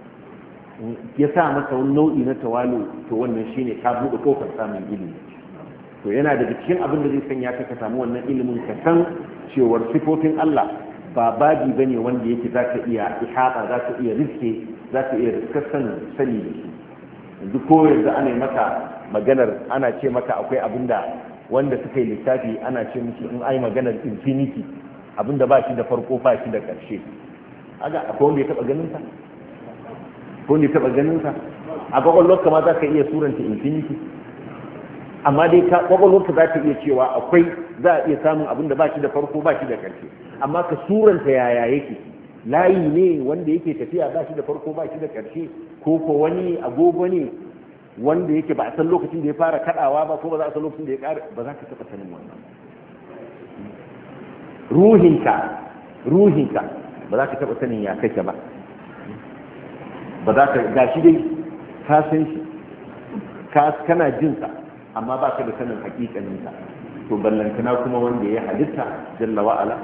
ya sa masa wani nau'i na tawalo to wannan shi ne ka buɗe kofar samun ilimi to yana daga cikin abin da zai sanya ka ka samu wannan ilimin ka san cewar sifofin Allah ba babi ba ne wanda yake za ka iya ihaɗa za ka iya riske za ka iya riskar sanin sani da shi yanzu ko yanzu ana yi maka maganar ana ce maka akwai abin da wanda suka yi lissafi ana ce musu in ai maganar infinity abinda ba shi da farko ba shi da ƙarshe aga akwai wanda ya taɓa ganin sa ko ne taɓa ganin sa a kwakwalwarka ma za ka iya suranta infinity amma dai kwakwalwarka za ta iya cewa akwai za a iya samun abin da ba shi da farko ba shi da ƙarshe amma ka suranta yaya yake layi ne wanda yake tafiya ba shi da farko ba shi da ƙarshe ko ko wani agogo ne wanda yake ba a san lokacin da ya fara kaɗawa ba ko ba za a san lokacin da ya ƙara? ba za ka taɓa sanin wannan ruhinka ruhinka ba za ka taɓa sanin ya kake ba ba za ka gashi dai ka san shi ka kana sa amma ba ka da sanin sa to ballantana kuma wanda ya halitta jalla ala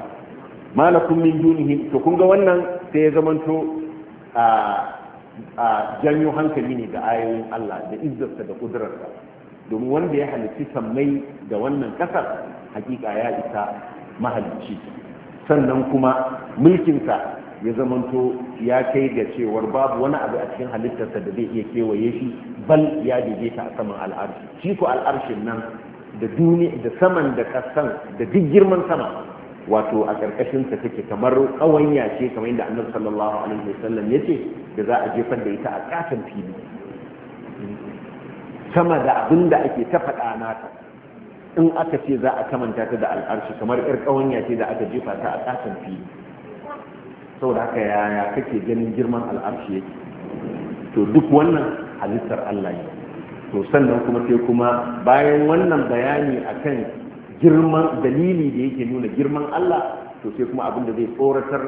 malakum min dunihi to kun ga wannan sai ya zamanto a a janyo hankali ne da ayoyin Allah da izzarsa da kudurarsa domin wanda ya halitta sammai da wannan kasar hakika ya isa mahalicci sannan kuma mulkinsa ya zamanto ya kai da cewar babu wani abu a cikin halittarsa da zai iya kewaye shi bal ya ta a saman al'arshi shi ko al'arshin nan da duniya da saman da kasan da duk girman sama wato a ƙarƙashin sa take kamar kawanya ce kamar yadda annabi sallallahu alaihi wasallam yace da za a jefar da ita a katon fili sama da abin da ake ta faɗa nata in aka ce za a kamanta ta da al'arshi kamar yar ƙawanya ce da aka jefa ta a ƙasan fili da aka yaya kake ganin girman al'arshi yake to duk wannan halittar Allah ne to sannan kuma sai kuma bayan wannan bayani akan girman dalili da yake nuna girman Allah to sai kuma abin da zai tsoratar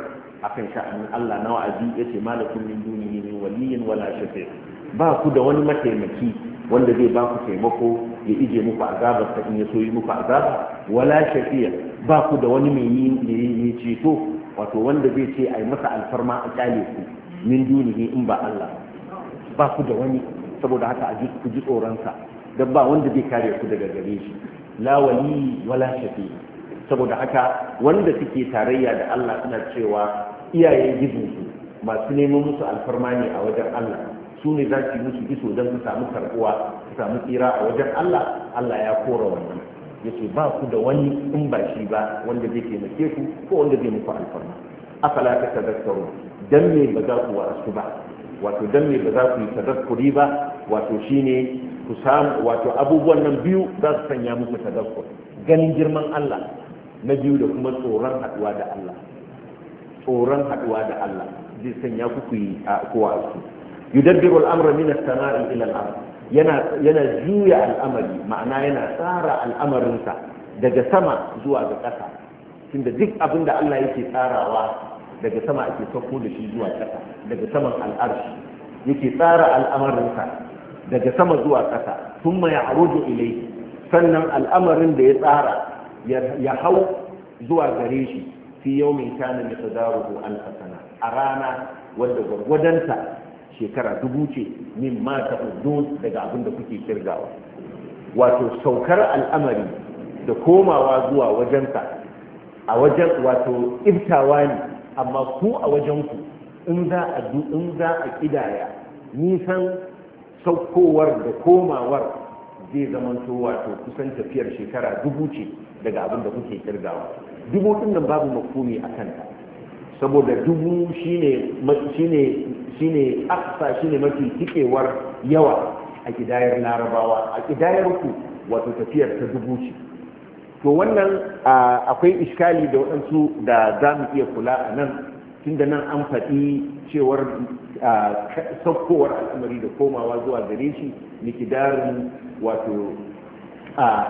akan sha'anin Allah na wa'azi yace malakun min dunihi min waliyin wala shafi ba ku da wani mataimaki wanda zai ba ku taimako ya ije muku azabar ta in ya so yi muku azaba wala shafiya ba ku da wani mai yi ceto wato wanda zai ce ai masa alfarma a kyale ku min dunihi in ba Allah ba ku da wani saboda haka a ku ji tsoronsa dan ba wanda zai kare ku daga gare shi la wali wala shafi saboda haka wanda suke tarayya da Allah suna cewa iyayen gidansu masu neman musu alfarma ne a wajen Allah su ne za su yi musu iso don su samu karbuwa su samu tsira a wajen Allah Allah ya kora wannan ya ce ba ku da wani in ba shi ba wanda zai taimake ku ko wanda zai muku alfarma afala ta tazakkaru dan me ba za ku wa'asu ba wato dan me ba za ku yi tazakkuri ba wato shine ku samu wato abubuwan nan biyu za su sanya muku tazakkur ganin girman Allah na biyu da kuma tsoron haɗuwa da Allah tsoron haɗuwa da Allah zai sanya ku ku yi kowa su yudabbiru al'amra min as yana yana juya al'amari ma'ana yana tsara al'amarinsa daga sama zuwa ga ƙasa tunda duk abin da Allah yake tsarawa daga sama ake sauko da shi zuwa ƙasa daga saman al'arshi yake tsara al'amarinsa daga sama zuwa ƙasa thumma ya'rudu ilai sannan al'amarin da ya tsara ya hau zuwa gare shi fi yau mai kana mai tsadaruhu alfasana a rana wadda gwargwadonta shekara dubu ce min ma ta daga abin da kuke kirgawa wato saukar al'amari da komawa zuwa wajensa a wajen wato ibtawa ne amma ku a wajenku in za a in za a kidaya nisan saukowar da komawar zai zamanto wato kusan tafiyar shekara dubu ce daga abin da kuke kirgawa dubu din nan babu makomi a kanta saboda dubu shine ne aksa shine mafi tikewar yawa a kidayar larabawa a kidayar ku wato tafiyar ta dubu ce to wannan akwai iskali da waɗansu da za mu iya kula a nan tun da nan an faɗi cewar saukowar al'amari da komawa zuwa gare shi mikidarin wato a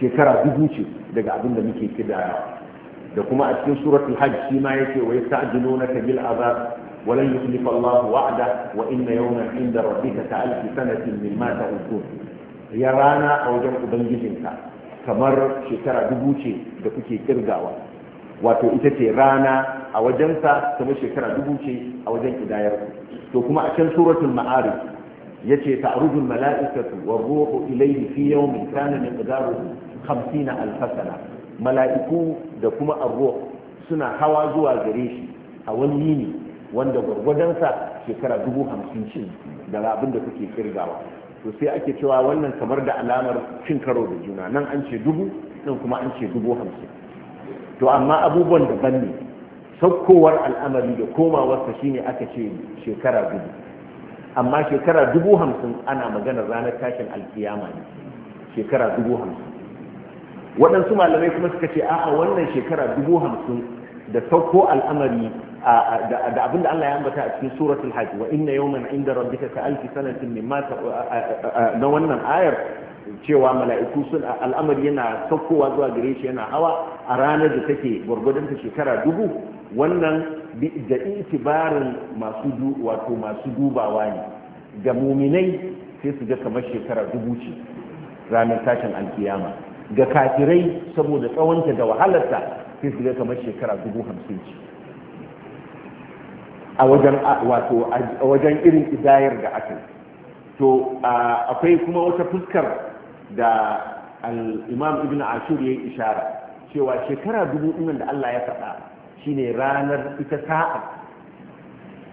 shekara dubu ce daga abin da muke kidaya da kuma a cikin suratul hajj shi ma yake wa yasta'jilunaka bil azab wa lan yukhlifa Allah wa'da wa inna yawman inda rabbika ka alfi sanatin mimma ta'udun ya rana a wajen ubangijinka kamar shekara dubu ce da kuke kirgawa wato ita ce rana a wajensa kamar shekara dubu ce a wajen kidayar to kuma a can suratul ma'arij yace ta'rujul mala'ikatu war ruhu ilayhi fi yawmin kana miqdaruhu 50 alf mala'iku da kuma arruh suna hawa zuwa gare shi a wani yini wanda gwargwadonsa shekara dubu hamsin cin da abin da kuke kirgawa to sai ake cewa wannan kamar da alamar cin karo da juna nan an ce dubu nan kuma an ce dubu hamsin to amma abubuwan daban ne saukowar al'amari da komawarsa shine aka ce shekara dubu amma shekara dubu hamsin ana maganar ranar tashin alkiyama ne shekara dubu hamsin waɗansu malamai kuma suka ce a'a wannan shekara dubu hamsin da sauko al'amari da abin da Allah ya ambata a cikin suratul hajj wa inna yawman inda rabbika ka alfi sanatin mimma na wannan ayar cewa mala'iku sun al'amari yana saukowa zuwa gare shi yana hawa a ranar da take gwargwadon ta shekara dubu wannan da itibarin masu wato masu dubawa ne ga muminai sai su ga kamar shekara dubu ce ranar tashin alkiyama ga kafirai saboda tsawonta da wahalarta sai su ga kamar shekara dubu hamsin ce a wajen wato wajen irin idayar da aka to akwai kuma wata fuskar da al'imam imam ibn ashur ya yi ishara cewa shekara dubu ɗin da Allah ya faɗa shine ranar ita sa'ar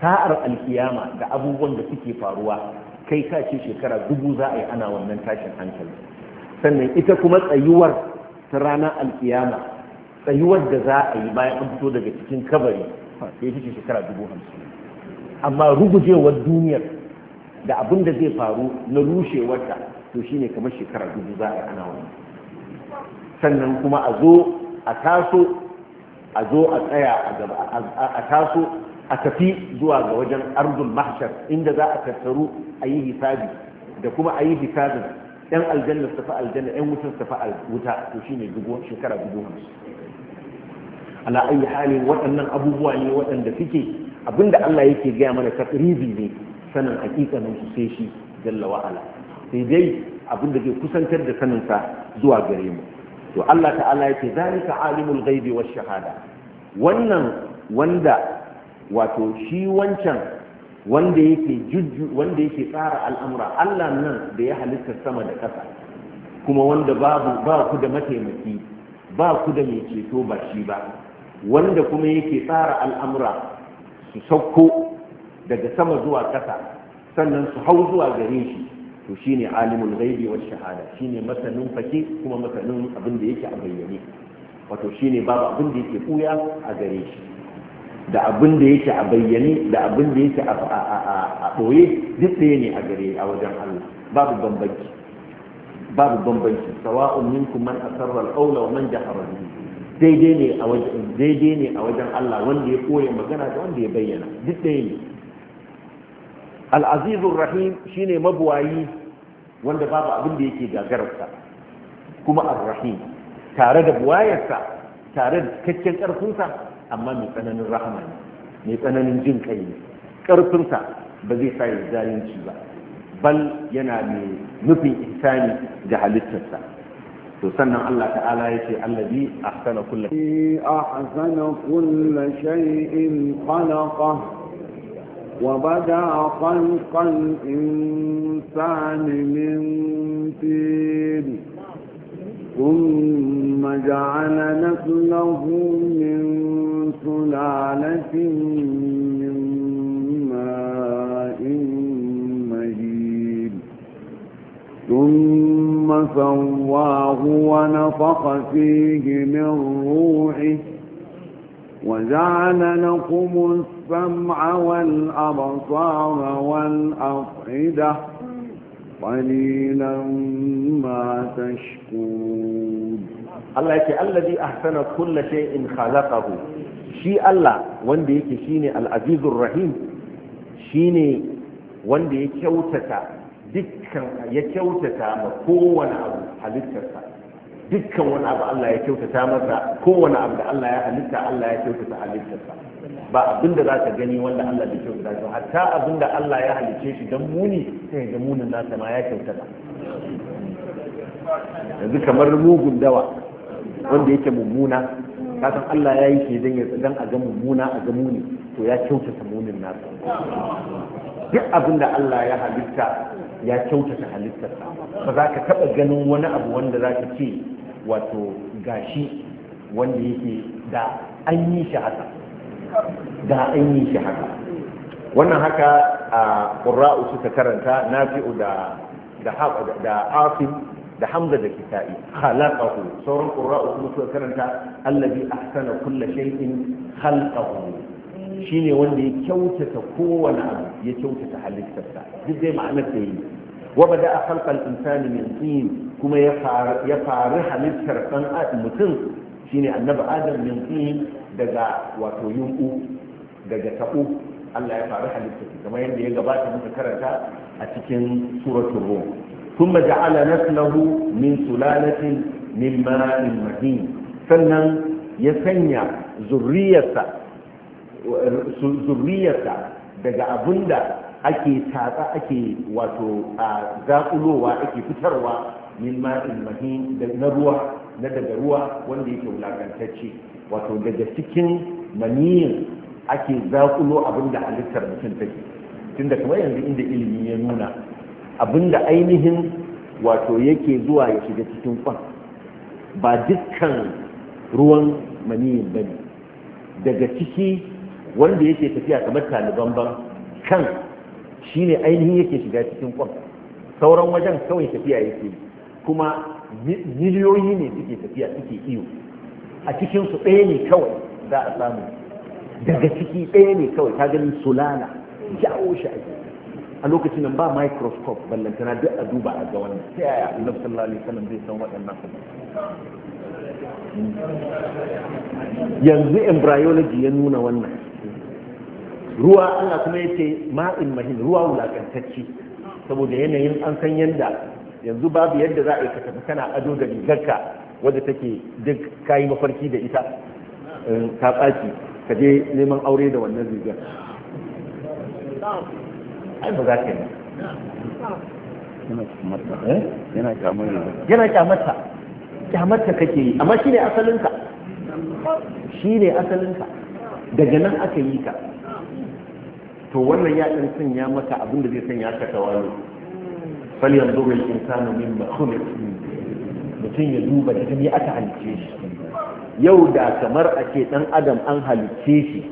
sa'ar alkiyama da abubuwan da suke faruwa kai ka ce shekara dubu za a yi ana wannan tashin hankali sannan ita kuma tsayuwar ta ranar alkiyama tsayuwar da za a yi bayan an fito daga cikin kabari sai fi shekara dubu hamsin amma rugujewar duniyar da abin da zai faru na rushewarta to shine kamar shekara dubu za a yi ana wani sannan kuma a zo a taso a zo a tsaya a a taso a tafi zuwa ga wajen arzul mahshar inda za a tattaru a yi hisabi da kuma a yi hisabin yan aljanna su tafi aljanna yan wutar su tafi wuta to shi ne shekara dubu ala ayi halin waɗannan abubuwa ne waɗanda suke abinda Allah yake gaya mana takribi ne sanin hakikanin su sai shi jalla wa'ala sai dai abinda zai kusantar da saninsa zuwa gare mu to Allah ta'ala yake zalika alimul ghaibi wash shahada wannan wanda wato shi wancan wanda yake jujju wanda yake tsara al'amura Allah nan da ya halitta sama da ƙasa kuma wanda babu ba ku da mataimaki ba ku da mai ceto ba shi ba wanda kuma yake tsara al'amura su sauko daga sama zuwa ƙasa sannan su hau zuwa gare shi to shine alimul ghaibi wa shahada shine masanin fake kuma masanin abin da yake a bayyane wato shine babu abin da yake kuya a gare shi da abin da yake a bayyane da abin da yake a ɓoye duk ɗaya ne a gare a wajen Allah babu bambanci babu bambanci sawa'un minkum man asarra al-qawla wa man jahara bihi daidai ne a wajen daidai ne a wajen Allah wanda ya koya magana da wanda ya bayyana duk ɗaya ne al-azizur rahim shine mabuwayi wanda babu abin da yake gagararsa kuma ar-rahim tare da buwayarsa tare da cikakken ƙarfinsa amma mai tsananin rahama ne mai tsananin jin kai ne ƙarfinsa ba zai sa ya zalunci ba bal yana mai nufin ihsani ga halittarsa to sannan Allah ta'ala ya ce allazi ahsana kullu ahsana kullu shay'in khalaqa وبدا خلق الإنسان من طين ثم جعل نسله من سلالة من ماء مهين ثم سواه ونفخ فيه من روحه وجعل لكم السمع والأبصار والأفئدة قليلا ما تشكرون الله يكي الذي أحسن كل شيء خلقه شي الله واندي يكي rahim, العزيز الرحيم شيني واندي يكيوتك dukkan ya kyautata ma kowane abu halittarsa dukkan wani abu Allah ya kyautata masa kowane abu da Allah ya halitta Allah ya kyautata halittarsa ba abin da za ka gani wanda Allah bai kyauta to hatta abin da Allah ya halice shi dan muni sai ga munin nasa ma ya kyauta ba yanzu kamar mugun dawa wanda yake mummuna kasan Allah ya yi ke dan ya dan a ga mummuna a ga muni to ya kyautata munin nasa duk abin da Allah ya halitta ya kyautata halittarsa ba za ka taɓa ganin wani abu wanda za ka ce wato gashi wanda yake da an yi shi haka da an yi shi haka wannan haka a ƙura'u suka karanta nafi'u da da afin da hamza da kitai khalaqahu sauran ƙura'u kuma suka karanta allazi ahsana kulla shay'in khalqahu shine wanda ya kyautata kowane abu ya kyautata halittarsa duk dai ma'anar da yi wa bada khalqal insani min tin kuma ya faru halittar ɗan mutum shine annabi adam min tin daga wato yunku daga taɓo Allah ya faru halitta kamar yadda ya gabata muka karanta a cikin suratul rum ثم جعل نسله من min من ماء مهين سنن يسنى ذرية zurriyarsa daga abinda ake tatsa ake wato a zaƙulowa ake fitarwa min ma'in mahin na ruwa na daga ruwa wanda yake wulakantacce wato daga cikin maniyin ake zakulo abin da halittar mutum take tun da kuma yanzu inda ilimi ya nuna abin da ainihin wato yake zuwa ya shiga cikin kwan ba dukkan ruwan maniyin ba ne daga ciki wanda yake tafiya kamar taliban ban kan shi ne ainihin yake shiga cikin kwan sauran wajen kawai tafiya yake kuma miliyoyi ne suke tafiya suke iyo a cikinsu su ɗaya ne kawai za a samu daga ciki ɗaya ne kawai ta gani sulala jawo shi a lokacin nan ba microscope ballantana duk a duba a ga wannan ta yaya yi sallallahu zai san waɗannan yanzu embryology ya nuna wannan ruwa Allah kuma ya ce ma'in mahin ruwa wulakantacci saboda yanayin an san yanda yanzu babu yadda za a yi ka tafi kana ado da rigarka wadda take duk kayi mafarki da ita ka eh, tsaki ka je neman aure da wannan rigar ai ba za ka yi eh? yana kyamarta yana kyamarta kyamarta kake yi amma shine asalinka shine asalinka daga nan aka yi ka to wannan ya dan sanya maka abin da zai sanya ka tawalo falyanzuru al-insanu mimma khuliq mutum ya duba cikin ya aka halice shi yau da kamar a ce dan adam an halice shi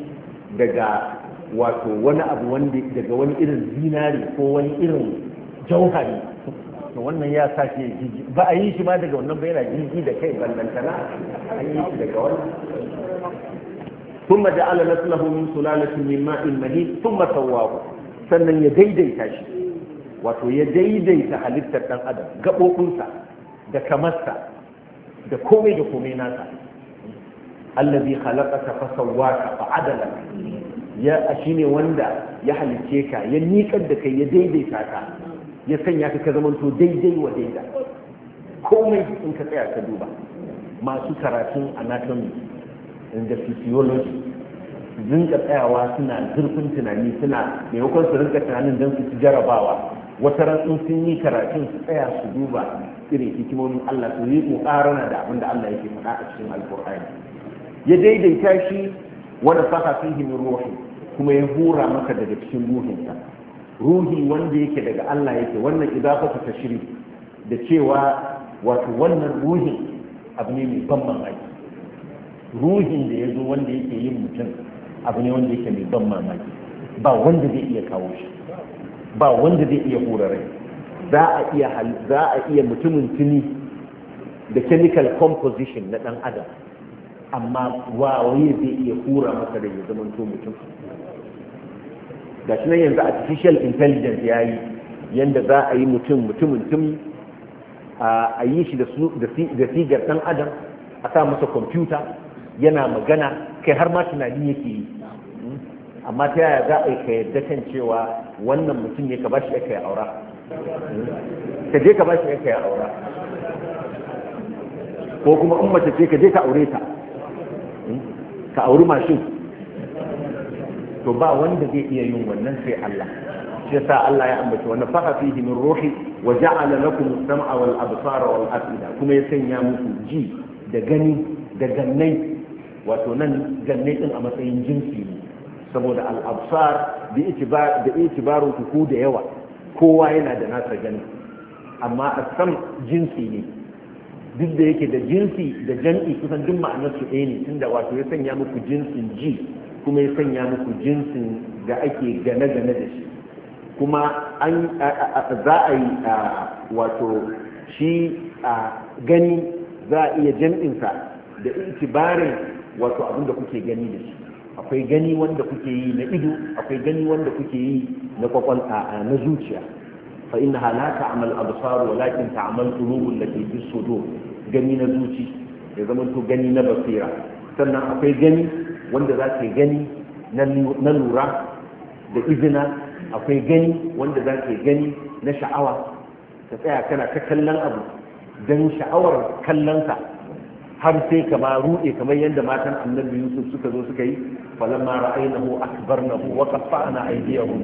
daga wato wani abu wanda daga wani irin zinari ko wani irin jauhari to wannan ya sa shi jiji ba a yi shi ma daga wannan bayyana jiji da kai ballantana an yi shi daga wannan ثم جعل نسله من سلالة من ماء مهين ثم سواه sannan ya daidaita shi wato ya daidaita halittar dan adam da kamarsa da komai da komai nasa allazi khalaqaka fa sawwaka fa adala ya shine wanda ya halice ka ya nikar da kai ya daidaita ka ya sanya ka ka zamanto daidai wa daida komai in ka tsaya ka duba masu karatun anatomy da physiology rinka tsayawa suna zurfin tunani suna maimakon su rinka tunanin don su jarabawa wata ran sun yi karatun su tsaya su duba irin hikimomin Allah su yi ƙoƙarana da abin da Allah yake faɗa a cikin alƙur'ani ya daidaita shi wanda saka sun himin ruhi kuma ya hura maka daga cikin ruhinsa ruhi wanda yake daga Allah yake wannan ta shiri da cewa wato wannan ruhin abu ne mai ban mamaki ruhin da ya zo wanda yake yin mutum abu ne wanda yake mai ban mamaki ba wanda zai iya kawo shi ba wanda zai iya hura rai za a iya mutumin tuni da chemical composition na dan adam amma wawaye zai iya hura masa da ya zama to mutum gashi nan yanzu artificial intelligence ya yi yadda za a yi mutum mutumin tuni a yi shi da sigar dan adam a sa masa kwamfuta yana magana kai har ma tunani yake yi amma ta yaya za a yi ka yadda kan cewa wannan mutum ne ka ba shi kai aura ka je ka bashi yanka ya aura ko kuma in mace ce ka je ka aure ta hmm? ka auri mashin to ba wanda zai iya yin wannan sai Allah shi yasa Allah ya ambaci wannan faqa fihi min ruhi wa ja'ala lakum sama wal absara wal afida kuma ya sanya muku ji da gani da gannai wato nan gannai din a matsayin jinsi ne saboda al-absar bi itibar da itibaru ku da yawa kowa yana da nasa jam'i amma a san jinsi ne duk da yake da jinsi da jam'i kusan duk ma'anar su ɗaya ne tunda wato ya sanya muku jinsin ji kuma ya sanya muku jinsin da ake gane-gane da shi kuma an za a yi wato shi a gani za a iya jam'insa da itibarin wato abin da kuke gani da shi akwai gani wanda kuke yi na ido akwai gani wanda kuke yi na kwakwal a na zuciya fa innaha amala ta'mal absar walakin ta'mal qulubul lati fi sudur gani na zuci ya zama to gani na basira sannan akwai gani wanda za ka gani na lura da izina akwai gani wanda za ka gani na sha'awa ka tsaya kana ta kallon abu don sha'awar kallonsa har sai kama ruɗe kamar yadda matan annabi yusuf suka zo suka yi falamma ra'aynahu akbarnahu wa qaffa'na aydiyahum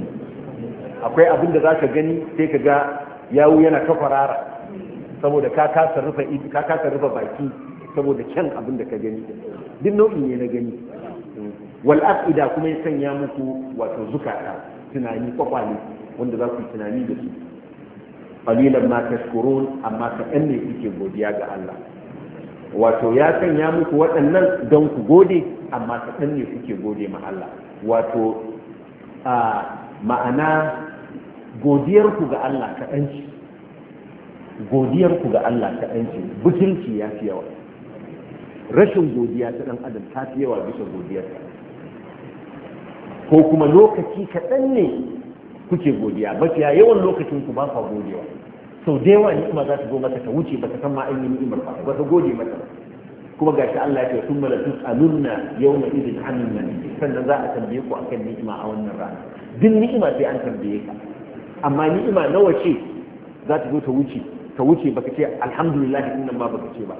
akwai abin da zaka gani sai ka ga yawu yana ta kwarara saboda ka kasa rufe ka kasa rufe baki saboda kyan abin da ka gani duk nau'in ne na gani wal afida kuma ya sanya muku wato zukata tunani kwakwale wanda za ku tunani da su qalilan ma tashkurun amma ka ne kuke godiya ga Allah wato ya sanya muku waɗannan don ku gode amma kaɗan ne kuke gode ma Allah wato a ma'ana godiyarku ga Allah godiyarku ga Allah kaɗan ce butulci ya fi yawa rashin godiya ta ɗan adam ta fi yawa bisa godiyarsa ko kuma lokaci kaɗan ne kuke godiya mafiya yawan lokacin ku ba kwa godewa sau da yawa ni'ima za ta zo mata ta wuce ba ta san ma an ni'imar ba ba ta gode mata kuma ga shi Allah ya ce sun mala alunna yawma idin amin nan sannan za a tambaye ku akan ni'ima a wannan rana duk ni'ima sai an tambaye ka amma ni'ima nawa ce za ta zo ta wuce ta wuce baka ce alhamdulillah inna ma baka ce ba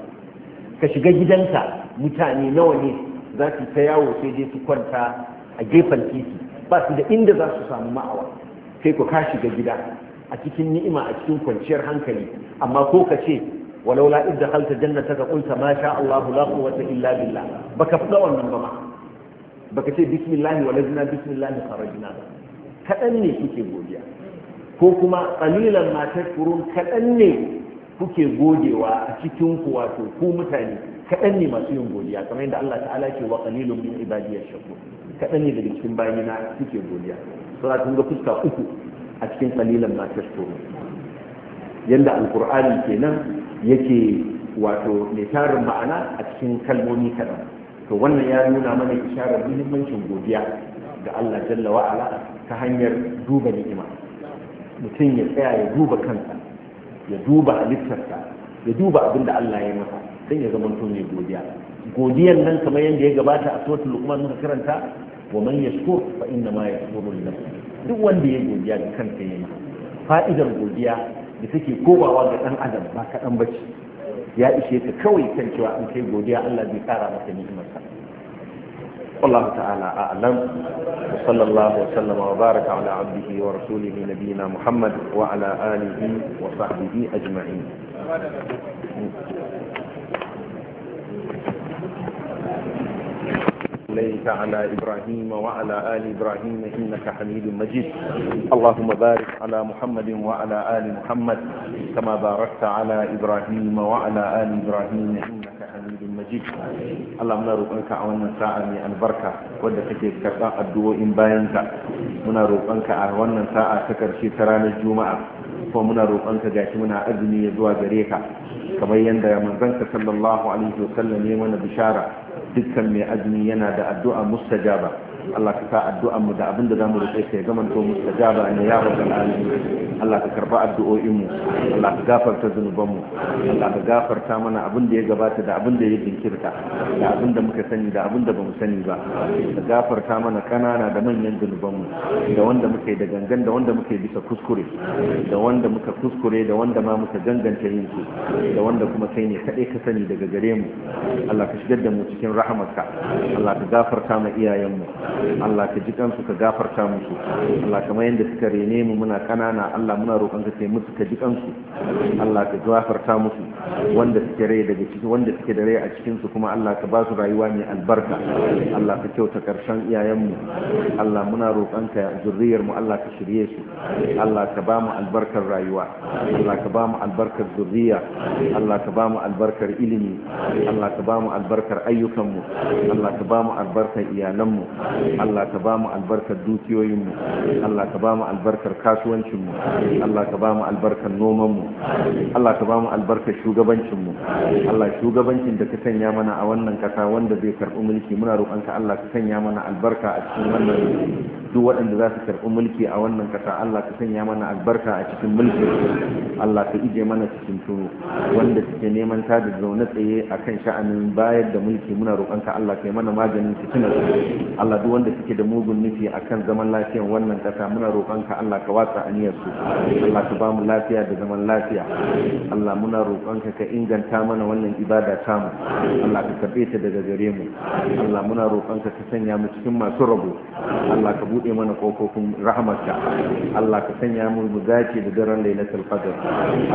ka shiga gidanka mutane nawa ne za su ta yawo sai dai su kwanta a gefen titi ba su da inda za su samu ma'awa sai ku ka shiga gida a cikin ni'ima a cikin kwanciyar hankali amma ko ka ce walau la idda halta jannata ka kunta ma sha Allahu la quwwata illa billah baka fada wannan ba ma baka ce bismillah walazna bismillah kharajna kadan ne kuke godiya ko kuma qalilan ma tashkurun kadan ne kuke godewa a cikin ku wato ku mutane kadan ne masu yin godiya kamar yadda Allah ta'ala ke wa qalilun min ibadiyash shakur kadan ne daga cikin bayina kuke godiya sura kun ga fuska uku a cikin kalilan ma tasbihun yadda alkur'ani kenan yake wato mai tarin ma'ana a cikin kalmomi kaɗan to wannan ya nuna mana isharar muhimmancin godiya ga Allah jalla wa'ala ta hanyar duba ni'ima mutum ya tsaya ya duba kansa ya duba halittarsa ya duba abin da Allah ya masa don ya zama mai godiya godiyan nan kamar yadda ya gabata a suratul lukman muka karanta wa man yashkur fa inna ma yashkuru li nafsihi duk wanda ya godiya da kanta ya yi fa'idar godiya da take komawa ga ɗan adam ba kaɗan ba ce ya ishe ta kawai kan cewa an kai godiya Allah zai kara maka ni'imarsa والله تعالى أعلم وصلى الله وسلم وبارك على عبده ورسوله نبينا محمد وعلى آله وصحبه أجمعين صليت على إبراهيم وعلى آل إبراهيم إنك حميد مجيد اللهم بارك على محمد وعلى آل محمد كما باركت على إبراهيم وعلى آل إبراهيم إنك حميد مجيد اللهم روقنك أولا ساعة من البركة wadda take karɓar addu'o'in bayanka muna roƙonka a wannan sa'a ta ƙarshe ta ranar juma'a kuma muna roƙonka gashi muna azumi ya zuwa gare ka kamar yadda manzanka sallallahu alaihi ya mana bishara dukkan mai azumi yana da addu'a mustajaba Allah ka sa addu'an mu da abinda mu rike ka ya to mustajaba ne ya rabbal alamin Allah ka karba addu'o'in mu Allah ka gafarta zunuban mu Allah ka gafarta mana abinda ya gabata da abinda ya jinkirta da abinda muka sani da abinda bamu sani ba ka gafarta mana kanana da manyan zunuban mu da wanda muka yi da gangan da wanda muka yi bisa kuskure da wanda muka kuskure da wanda ma muka ganganta yin su da wanda kuma kai ne kadai ka sani daga gare mu Allah ka shigar da mu cikin rahamarka Allah ka gafarta ma iyayenmu Allah ka ji kansu ka gafarta musu Allah kamar yadda suka rene mu muna kanana Allah muna roƙon ka mutu musu ka ji kansu Allah ka gafarta musu wanda suke rai daga ciki wanda suke da rai a cikinsu kuma Allah ka ba su rayuwa mai albarka Allah ka kyauta karshen iyayenmu Allah muna roƙonka zurriyar mu Allah ka shirye su Allah ka ba mu albarkar rayuwa Allah ka ba mu albarkar zurriya Allah ka ba mu albarkar ilimi Allah ka ba mu albarkar ayyukanmu Allah ka ba mu albarkar iyalanmu Allah ka ba mu albarkar dukiyoyinmu Allah ka ba mu albarkar kasuwancinmu Allah ka ba mu albarkar nomanmu Allah ka ba mu albarkar shugabanmu shugabancinmu Allah shugabancin da ka sanya mana a wannan kasa wanda zai karɓi mulki muna roƙonka Allah ka sanya mana albarka a cikin wannan duk waɗanda za su karɓi mulki a wannan kasa Allah ka sanya mana albarka a cikin mulki Allah ka ije mana cikin tuno wanda suke neman ta da zaune tsaye a kan sha'anin bayar da mulki muna roƙonka Allah ka yi mana maganin fitinar Allah duk wanda suke da mugun nufi a kan zaman lafiyar wannan kasa muna roƙonka Allah ka watsa aniyarsu Allah ka ba mu lafiya da zaman lafiya Allah muna roƙonka ka ka inganta mana wannan ibada tamu Allah ka karbe ta daga gare mu Allah muna roƙon ka ka sanya mu cikin masu rabo Allah ka bude mana kofofin rahmarka Allah ka sanya mu mu dace da daren lailatul qadr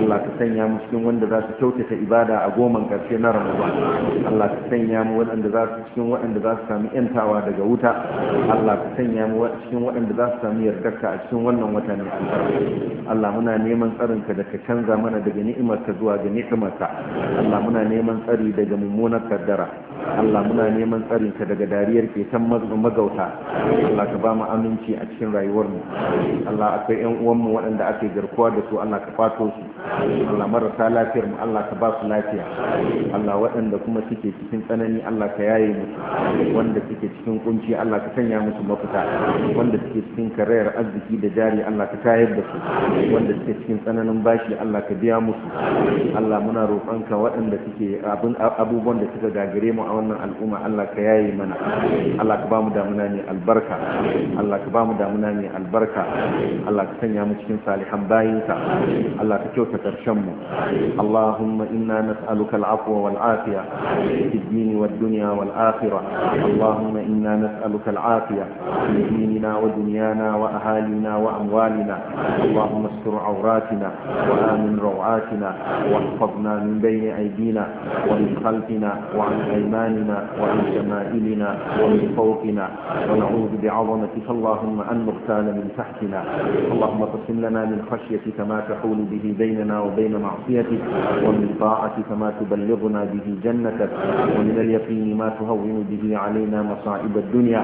Allah ka sanya mu cikin wanda za su kyautata ibada a goman karshe na Ramadan Allah ka sanya mu waɗanda za su cikin wanda za su sami yantawa daga wuta Allah ka sanya mu cikin waɗanda za su sami yardarka a cikin wannan wata ne Allah muna neman ka da ka canza mana daga ka zuwa ga ni'ima hikimarka Allah muna neman tsari daga mummunar kaddara Allah muna neman tsarin ka daga dariyar ketan magauta Allah ka ba mu aminci a cikin rayuwarmu Allah akwai ƴan mu waɗanda ake garkuwa da su Allah ka fato su Allah marasa lafiyar mu Allah ka ba su lafiya Allah waɗanda kuma suke cikin tsanani Allah ka yaye musu wanda suke cikin kunci Allah ka sanya musu mafita wanda suke cikin karayar arziki da jari Allah ka tayar da su wanda suke cikin tsananin bashi Allah ka biya musu Allah muna roƙonka waɗanda suke abubuwan da suka gagare mu a wannan al'umma Allah ka yaye mana Allah ka bamu damuna ne albarka Allah ka bamu damuna ne albarka Allah ka sanya mu cikin salihan bayinka Allah ka kyauta karshen mu Allahumma inna nas'aluka al'afwa wal afiya fi ad-din wad dunya wal akhirah Allahumma inna nas'aluka fi dinina wa dunyana wa ahalina wa amwalina Allahumma تحفظنا من بين أيدينا ومن خلفنا وعن أيماننا وعن شمائلنا ومن فوقنا ونعوذ بعظمتك اللهم أن نغتال من تحتنا اللهم اقسم لنا من خشيتك ما تحول به بيننا وبين معصيتك ومن طاعتك ما تبلغنا به جنتك ومن اليقين ما تهون به علينا مصائب الدنيا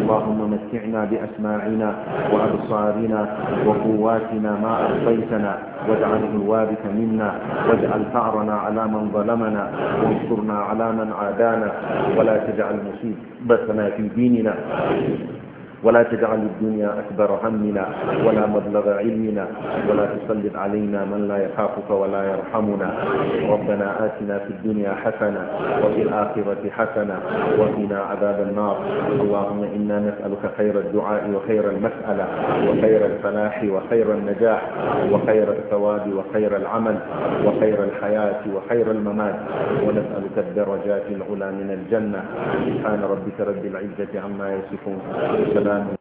اللهم متعنا بأسماعنا وأبصارنا وقواتنا ما اعطيتنا واجعله الوارث منا واجعل ثأرنا على من ظلمنا وانصرنا على من عادانا ولا تجعل مصيبتنا في ديننا ولا تجعل الدنيا أكبر همنا ولا مبلغ علمنا ولا تسلط علينا من لا يخافك ولا يرحمنا ربنا آتنا في الدنيا حسنة وفي الآخرة حسنة وقنا عذاب النار اللهم إنا نسألك خير الدعاء وخير المسألة وخير الفلاح وخير النجاح وخير الثواب وخير العمل وخير الحياة وخير الممات ونسألك الدرجات العلى من الجنة سبحان ربك رب العزة عما يصفون الله